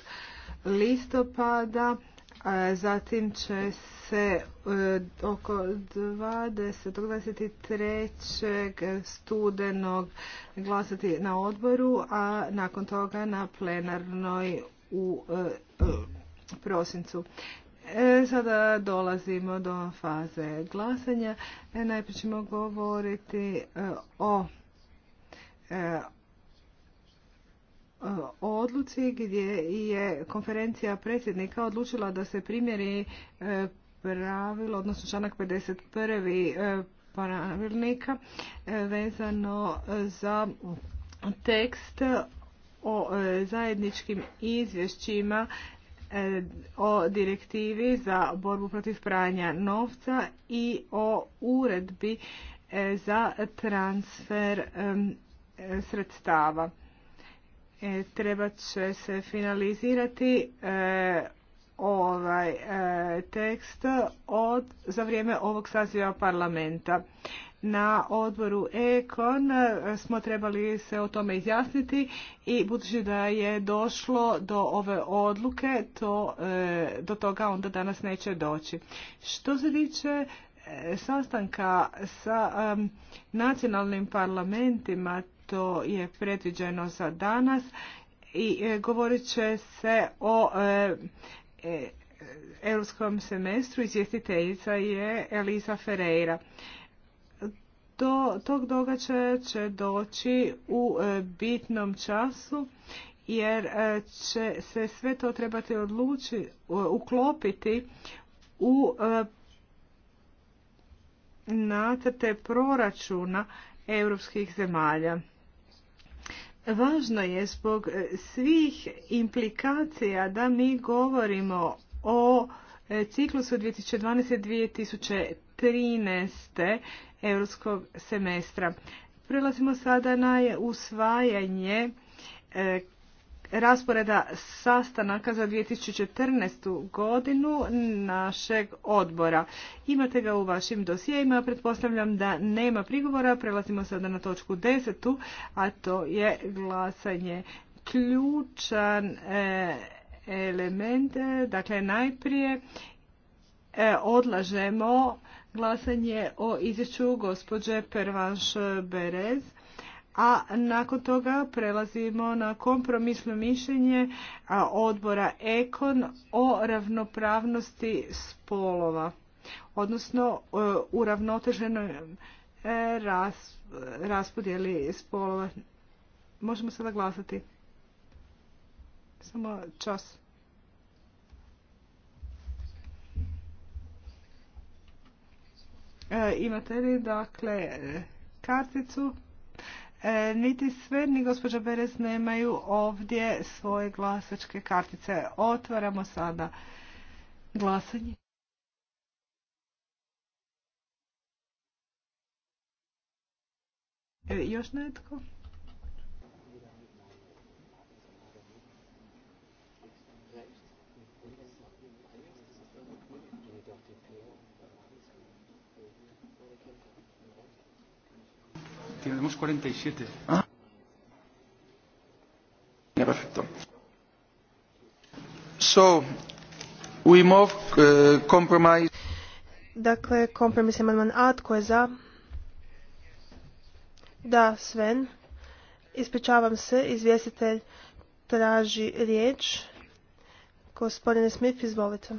listopada. Zatim će se e, oko 23. studenog glasati na odboru, a nakon toga na plenarnoj u e, e, prosincu. Sada dolazimo do faze glasanja. Najprije ćemo govoriti o odluci gdje je konferencija predsjednika odlučila da se primjeri e, pravilo, odnosno članak 51. E, pravilnika e, vezano za tekst o zajedničkim izvješćima o direktivi za borbu protiv pranja novca i o uredbi za transfer sredstava. E, treba će se finalizirati e, ovaj e, tekst od, za vrijeme ovog saziva parlamenta. Na odboru Ekon smo trebali se o tome izjasniti i budući da je došlo do ove odluke, to, do toga onda danas neće doći. Što se tiče sastanka sa nacionalnim parlamentima to je predviđeno za danas i e, govorit će se o e, e, europskom semestru. Izvjestiteljica je Elisa Ferreira. Do tog događaja će doći u bitnom času jer će se sve to trebati odluči, uklopiti u nacrte proračuna europskih zemalja. Važno je zbog e, svih implikacija da mi govorimo o e, ciklusu 2012-2013 europskog semestra. Prelazimo sada na usvajanje e, rasporeda sastanaka za 2014. godinu našeg odbora. Imate ga u vašim dosijejima, pretpostavljam da nema prigovora. Prelazimo sada na točku 10. a to je glasanje. Ključan e, element, e, dakle najprije e, odlažemo glasanje o izvješću gospođe Pervanš Berez a nakon toga prelazimo na kompromisno mišljenje odbora Ekon o ravnopravnosti spolova, odnosno e, uravnoteženoj e, ras, raspodjeli spolova. Možemo sada glasati. Samo čas. E, imate li dakle karticu? E, niti sve, ni gospođa Berez nemaju ovdje svoje glasačke kartice. Otvaramo sada glasanje. E, još netko? tenemos 47. Ah. Perfecto. So, we move uh, compromise. Dakle, kompromis je manman A, tko je za? Da, Sven. Ispričavam se, izvjestitelj traži riječ. Gospodine Smith, izvolite.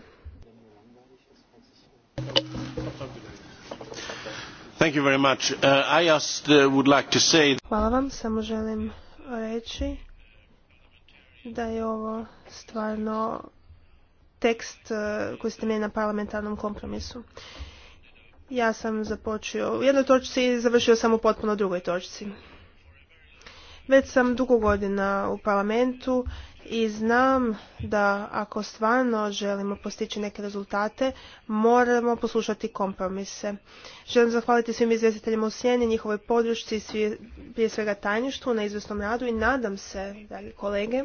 Hvala vam, samo želim reći da je ovo stvarno tekst uh, koji ste mijenili na parlamentarnom kompromisu. Ja sam započeo u jednoj točci i završio sam u potpuno drugoj točci. Već sam dugo godina u parlamentu i znam da ako stvarno želimo postići neke rezultate, moramo poslušati kompromise. Želim zahvaliti svim izvjestiteljima u Sjeni, njihovoj podršci i prije svega tajništvu na izvjesnom radu i nadam se, dragi kolege,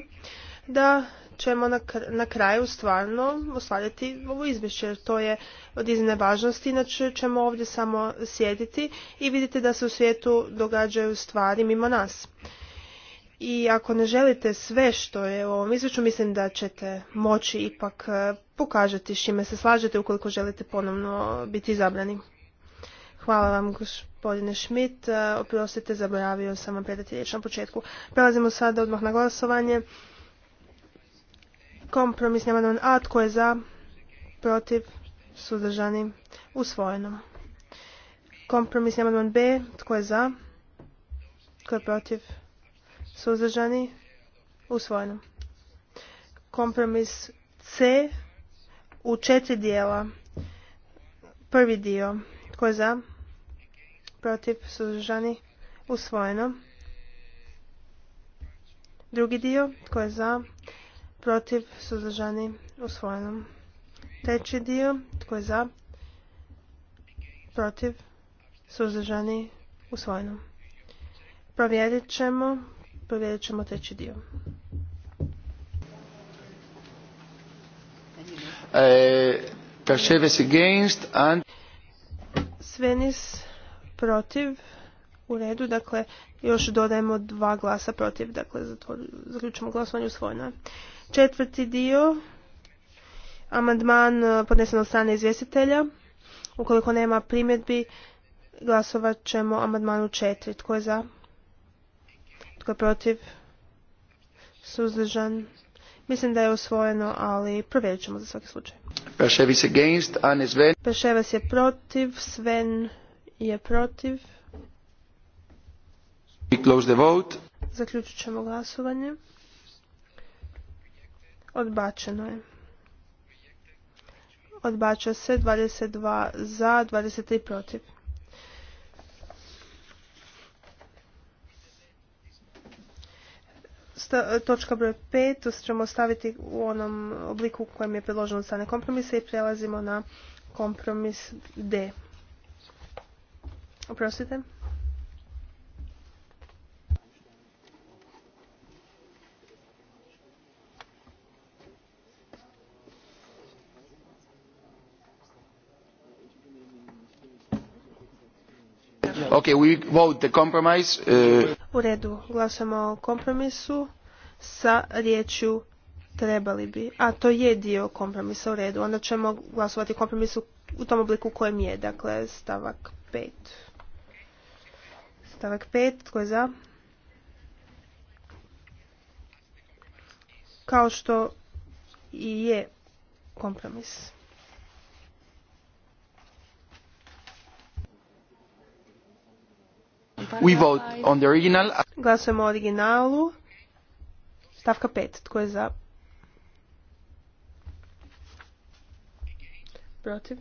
da ćemo na, kraju stvarno ostvariti ovo izvješće, jer to je od iznimne važnosti, inače ćemo ovdje samo sjediti i vidite da se u svijetu događaju stvari mimo nas i ako ne želite sve što je u ovom izvješću, mislim da ćete moći ipak e, pokažati s čime se slažete ukoliko želite ponovno biti izabrani. Hvala vam gospodine Schmidt, e, oprostite, zaboravio sam vam predati riječ na početku. Prelazimo sada odmah na glasovanje. Kompromisni amandman A, tko je za, protiv, suzdržani, usvojeno. Kompromisni amandman B, tko je za, tko je protiv, Suzdržani? Usvojeno. Kompromis C u četiri dijela. Prvi dio. Tko je za? Protiv? Suzdržani? Usvojeno. Drugi dio. Tko je za? Protiv? Suzdržani? Usvojeno. Treći dio. Tko je za? Protiv? Suzdržani? Usvojeno. Provjerit ćemo Provjerit ćemo treći dio. E, against and... Svenis protiv. U redu, dakle, još dodajemo dva glasa protiv, dakle, zaključimo glasovanje usvojeno. Četvrti dio, amandman e, podnesen od strane izvjestitelja. Ukoliko nema primjedbi, glasovat ćemo amandmanu četiri. Tko je za? Tko je protiv? Suzdržan? Mislim da je usvojeno, ali provjerit ćemo za svaki slučaj. Perševis against, je protiv, Sven je protiv. We close the vote. Zaključit ćemo glasovanje. Odbačeno je. Odbača se 22 za, 23 protiv. točka broj 5, to ćemo staviti u onom obliku u kojem je predloženo stane kompromisa i prelazimo na kompromis D. Oprostite. Okay, we vote the compromise. Uh, u redu, glasamo o kompromisu sa riječju trebali bi, a to je dio kompromisa u redu. Onda ćemo glasovati kompromisu u tom obliku u kojem je, dakle stavak 5. Stavak 5, tko je za? Kao što i je kompromis. Glasujemo o originalu Stavka 5. Tko je za? Protiv?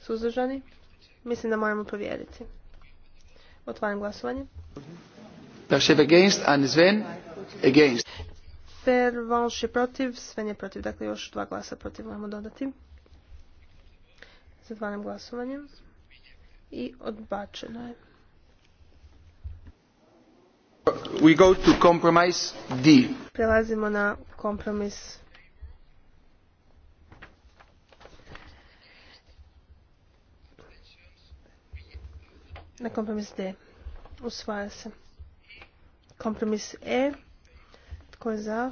Suzdržani? Mislim da moramo provjeriti. Otvaram glasovanje. Peršev against, and against. je protiv, Sven je protiv, dakle još dva glasa protiv moramo dodati. Zatvaram glasovanje. I odbačeno je. We go to D. Prelazimo na kompromis na kompromis D. Usvaja se. Kompromis E. Tko je za?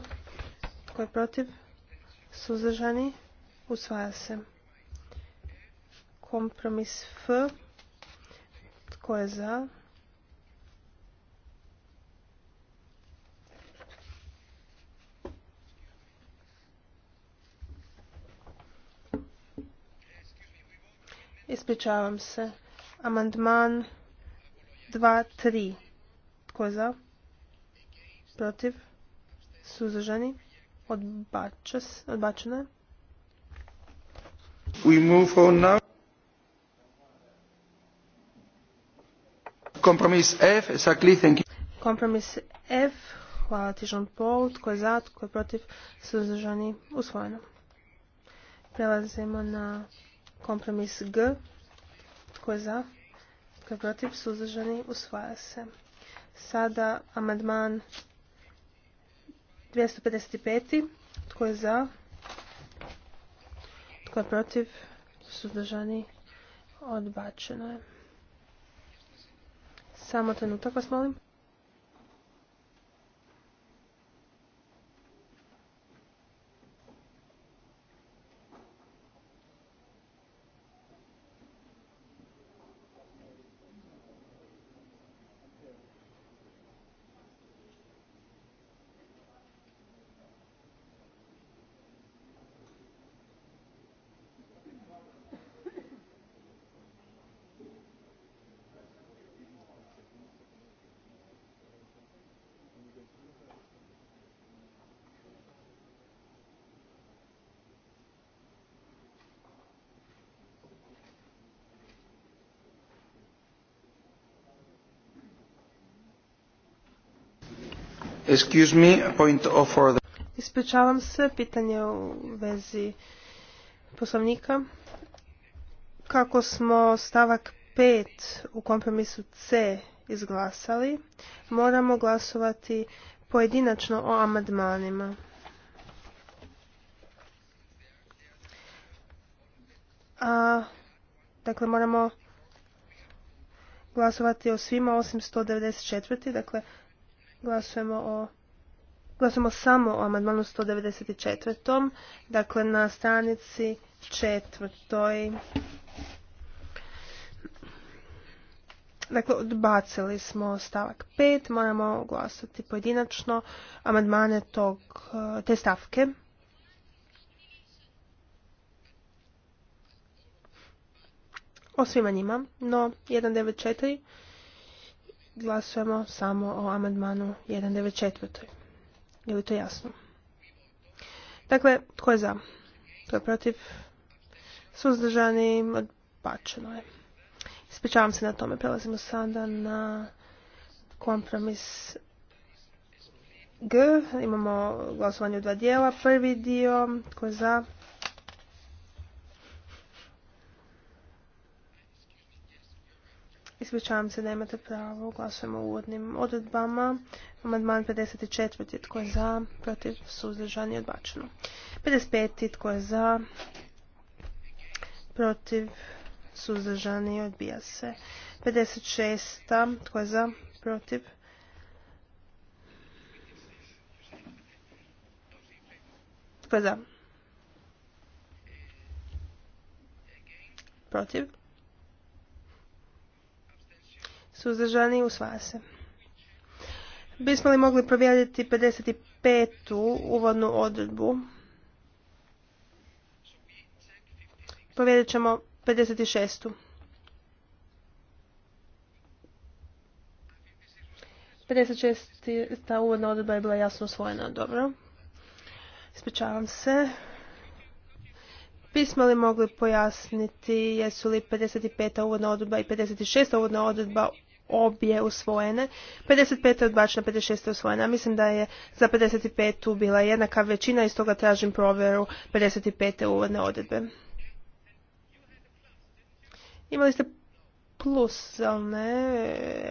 Tko je protiv? Suzdržani? Usvaja se. Kompromis F. Tko je za? Ispričavam se. Amandman 2.3. Tko je za? Protiv? suzržani, Odbačeno je. We move on now. Kompromis F, exactly, thank you. Kompromis F, hvala ti Jean Paul, tko je za, tko je protiv, suzdržani, usvojeno. Prelazimo na Kompromis G. Tko je za? Tko je protiv? Suzdržani? Usvaja se. Sada amandman 255. Tko je za? Tko je protiv? Suzdržani? Odbačeno je. Samo trenutak vas molim. Excuse Ispričavam se, pitanje u vezi poslovnika. Kako smo stavak 5 u kompromisu C izglasali, moramo glasovati pojedinačno o amandmanima. A, dakle, moramo glasovati o svima osim 194. Dakle, Glasujemo samo o amandmanu 194. Dakle, na stranici četvrtoj. Dakle, odbacili smo stavak 5. Moramo glasati pojedinačno amandmane eh, te stavke. O svima njima, no 194 glasujemo samo o amandmanu 194. Je li to jasno? Dakle, tko je za? Tko je protiv? Suzdržani odbačeno je. Ispričavam se na tome. Prelazimo sada na kompromis G. Imamo glasovanje u dva dijela. Prvi dio, tko je za? Ispričavam se da imate pravo, glasujemo u uvodnim odredbama. Amandman 54. tko je za, protiv, suzdržan i odbačeno. 55. tko je za, protiv, suzdržan i odbija se. 56. tko je za, protiv, tko je za, protiv, Suzdržani usvaja se. Bismo li mogli provjeriti 55. uvodnu odredbu? Provjerit ćemo 56. 56. ta uvodna odredba je bila jasno usvojena Dobro. Ispričavam se. Bismo li mogli pojasniti jesu li 55. uvodna odredba i 56. uvodna odredba obje usvojene. 55 je odbačena, 56 je usvojena. Mislim da je za 55 bila jednaka većina i stoga tražim provjeru 55. uvodne odredbe. Imali ste plus, ali ne,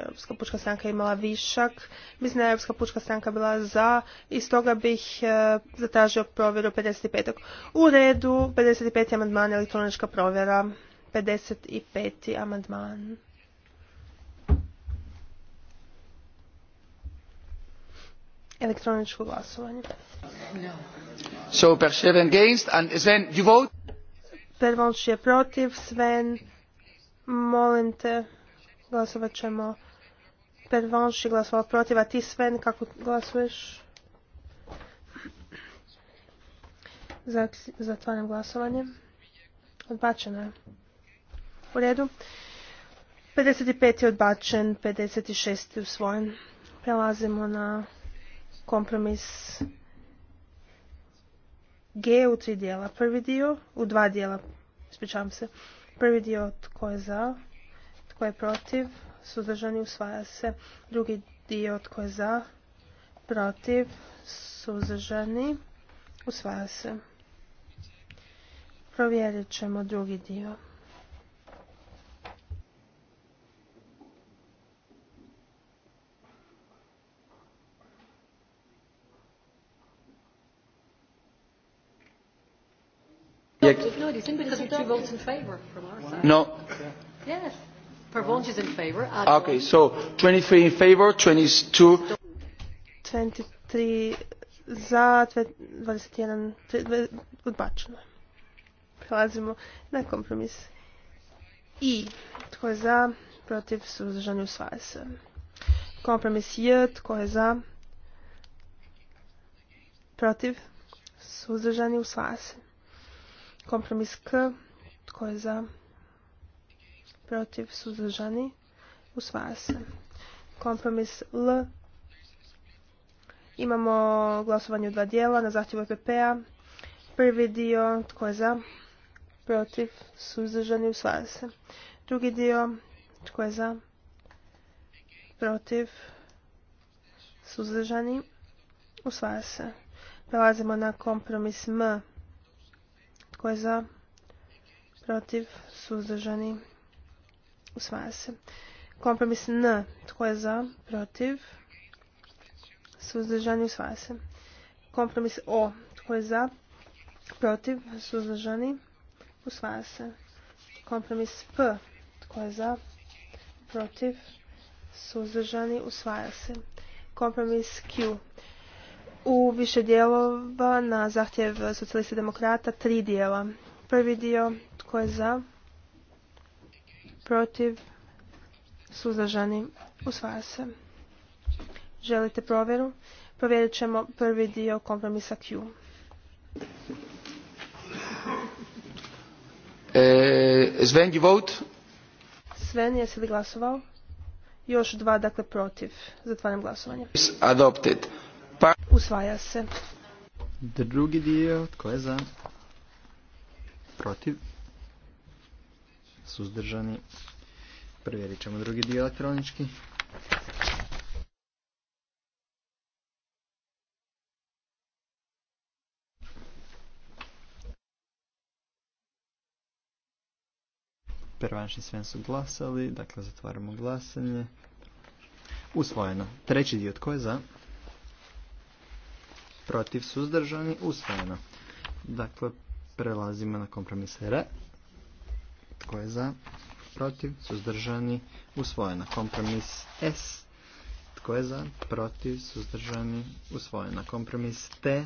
Europska pučka stranka je imala višak. Mislim da je Europska pučka stranka bila za i stoga bih e, zatražio provjeru 55. U redu, 55. amandman, elektronička provjera. 55. amandman. elektroničko glasovanje. So, against and you vote? je protiv, Sven, molim te, glasovat ćemo. Pervanš je glasovao protiv, a ti Sven, kako glasuješ? Zatvaram glasovanje. Odbačeno je. U redu. 55. je odbačen, 56. je usvojen. Prelazimo na kompromis G u tri dijela. Prvi dio, u dva dijela, ispričavam se. Prvi dio tko je za, tko je protiv, suzdržani usvaja se. Drugi dio tko je za, protiv, suzdržani usvaja se. Provjerit ćemo drugi dio. it isn't because we two votes in favour from our side. No. Yes. Pervonge is in favour. Ah, okay, so 23 in favour, 22. 23 za, 21 odbačeno. Prelazimo na kompromis. I, tko je za, protiv, suzdržani usvaja se. Kompromis je, tko je za, protiv, suzdržani usvaja se. Kompromis K. Tko je za? Protiv? Suzdržani? Usvaja se. Kompromis L. Imamo glasovanje u dva dijela na zahtjev EPP-a. Prvi dio, tko je za? Protiv? Suzdržani? Usvaja se. Drugi dio, tko je za? Protiv? Suzdržani? Usvaja se. Prelazimo na kompromis M tko je za? Protiv? Suzdržani? Usvaja se. Kompromis N. Tko je za? Protiv? Suzdržani? Usvaja se. Kompromis O. Tko je za? Protiv? Suzdržani? Usvaja se. Kompromis P. Tko je za? Protiv? Suzdržani? Usvaja se. Kompromis Q u više dijelova na zahtjev socijalista demokrata tri dijela. Prvi dio tko je za, protiv, suzdržani, usvaja se. Želite provjeru? Provjerit ćemo prvi dio kompromisa Q. E, Sven, you Sven, jesi li glasovao? Još dva, dakle, protiv. Zatvaram glasovanje. Adopted. Pa- Usvaja se. Drugi dio, tko je za? Protiv? Suzdržani? Provjerit ćemo drugi dio elektronički. Prvanši sve su glasali, dakle zatvaramo glasanje. Usvojeno. Treći dio, tko je za? protiv suzdržani usvojeno. Dakle, prelazimo na kompromis R. Tko je za? Protiv suzdržani usvojena. Kompromis S. Tko je za? Protiv suzdržani usvojena. Kompromis T.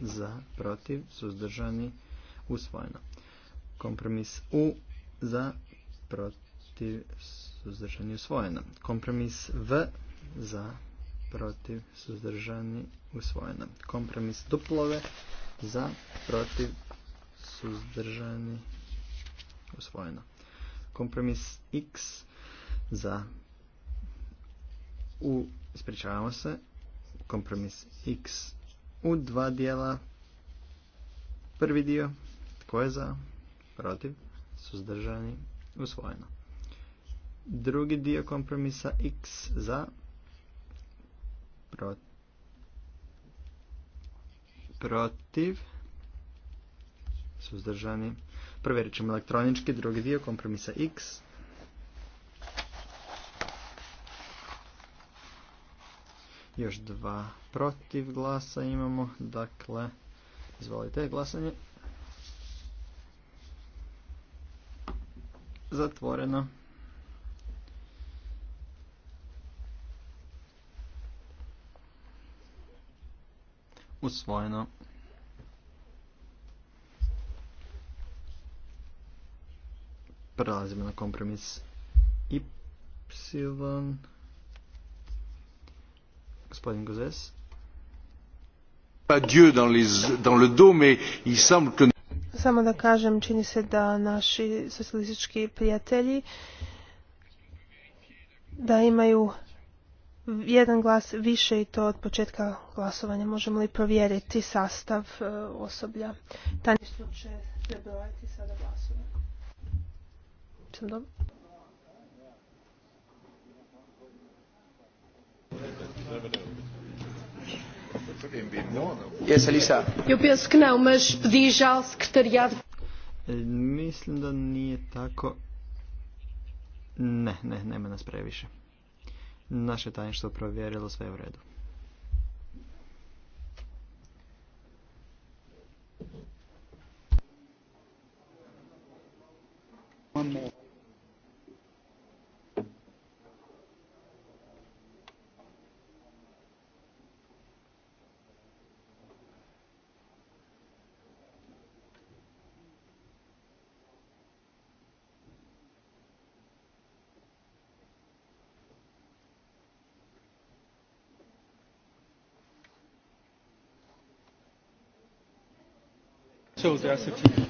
Za? Protiv suzdržani usvojeno. Kompromis U. Za? Protiv suzdržani usvojeno. Kompromis V. Za? protiv, suzdržani, usvojeno. Kompromis duplove za, protiv, suzdržani, usvojeno. Kompromis x za, u, ispričavamo se, kompromis x u dva dijela. Prvi dio, tko je za, protiv, suzdržani, usvojeno. Drugi dio kompromisa x za, protiv, suzdržani. Provjerit ćemo elektronički, drugi dio kompromisa x. Još dva protiv glasa imamo, dakle, izvolite glasanje. Zatvoreno. Usvojeno. Prelazimo na kompromis Y. Gospodin Gozes. Pas Dieu dans, les, dans le dos, mais il semble Samo da kažem, čini se da naši socijalistički prijatelji da imaju jedan glas više i to od početka glasovanja. Možemo li provjeriti sastav e, osoblja? Tanji će prebrojati sada glasove. Sam dobro? E, mislim da nije tako. Ne, ne, nema nas previše. Naše tajništvo provjerilo sve u redu.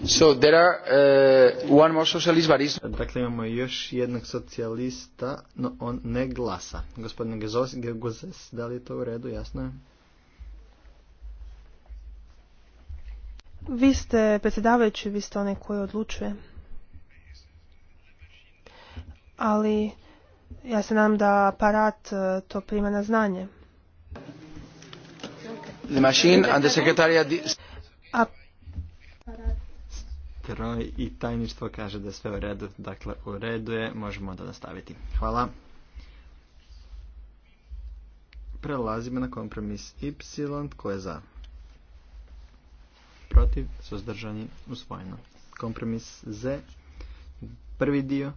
So there are uh, one more socialist, Dakle imamo još jednog socijalista, no on ne glasa. Gospodin Gezos, da li je to u redu, jasno je? Vi ste predsjedavajući, vi ste onaj koji odlučuje. Ali ja se nadam da aparat e, to prima na znanje. The machine and the Troj i tajništvo kaže da sve u redu. Dakle, u redu je, možemo da nastaviti. Hvala. Prelazimo na kompromis Y, tko je za? Protiv, suzdržani, usvojeno. Kompromis Z, prvi dio,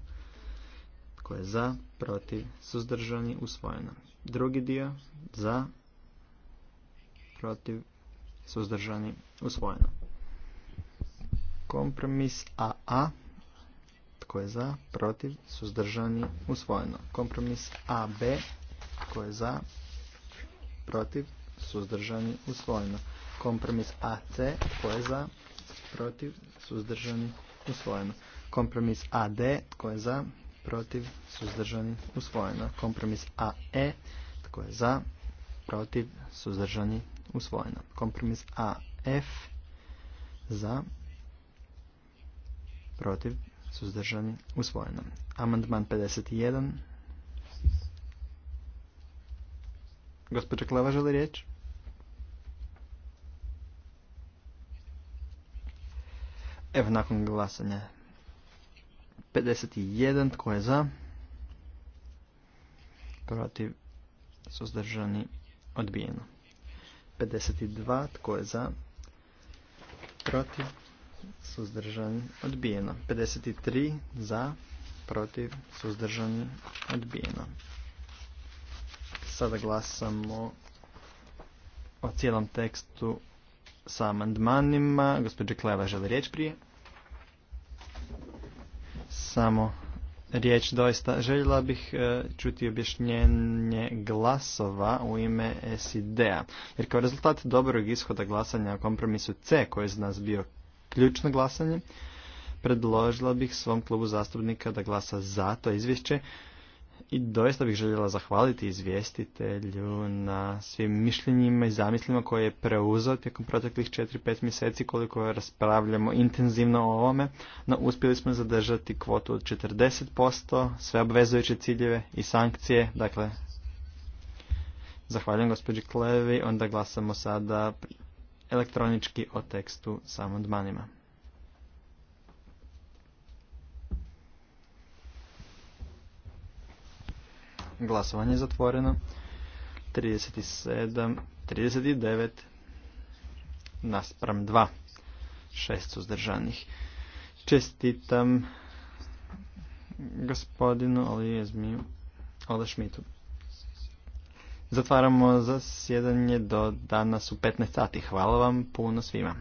tko je za, protiv, suzdržani, usvojeno. Drugi dio, za, protiv, suzdržani, usvojeno. Kompromis AA. Tko je za? Protiv? Suzdržani? Usvojeno. Kompromis AB. Tko je za? Protiv? Suzdržani? Usvojeno. Kompromis AC. Tko je za? Protiv? Suzdržani? Usvojeno. Kompromis AD. Tko je za? Protiv? Suzdržani? Usvojeno. Kompromis AE. Tko je za? Protiv? Suzdržani? Usvojeno. Kompromis AF. Za? protiv, suzdržani, usvojeno. Amandman 51. Gospođa Klava želi riječ? Evo nakon glasanja. 51. Tko je za? Protiv, suzdržani, odbijeno. 52. Tko je za? Protiv, Suzdržan, odbijeno. 53 za, protiv, suzdržan, odbijeno. Sada glasamo o cijelom tekstu sa amandmanima. Gospođa Kleva želi riječ prije. Samo riječ doista. Željela bih e, čuti objašnjenje glasova u ime SID-a. Jer kao rezultat dobrog ishoda glasanja o kompromisu C koji je za nas bio ključno glasanje, predložila bih svom klubu zastupnika da glasa za to izvješće i doista bih željela zahvaliti izvjestitelju na svim mišljenjima i zamislima koje je preuzeo tijekom proteklih 4-5 mjeseci koliko raspravljamo intenzivno o ovome, no uspjeli smo zadržati kvotu od 40%, sve obvezujuće ciljeve i sankcije, dakle Zahvaljujem gospođi Klevi, onda glasamo sada elektronički o tekstu sa amandmanima. Glasovanje je zatvoreno. 37, 39 naspram 2. Šest zdržanih. Čestitam gospodinu Olije Zmiju Šmitu. Zatvaramo zasjedanje do danas u 15 sati. Hvala vam puno svima.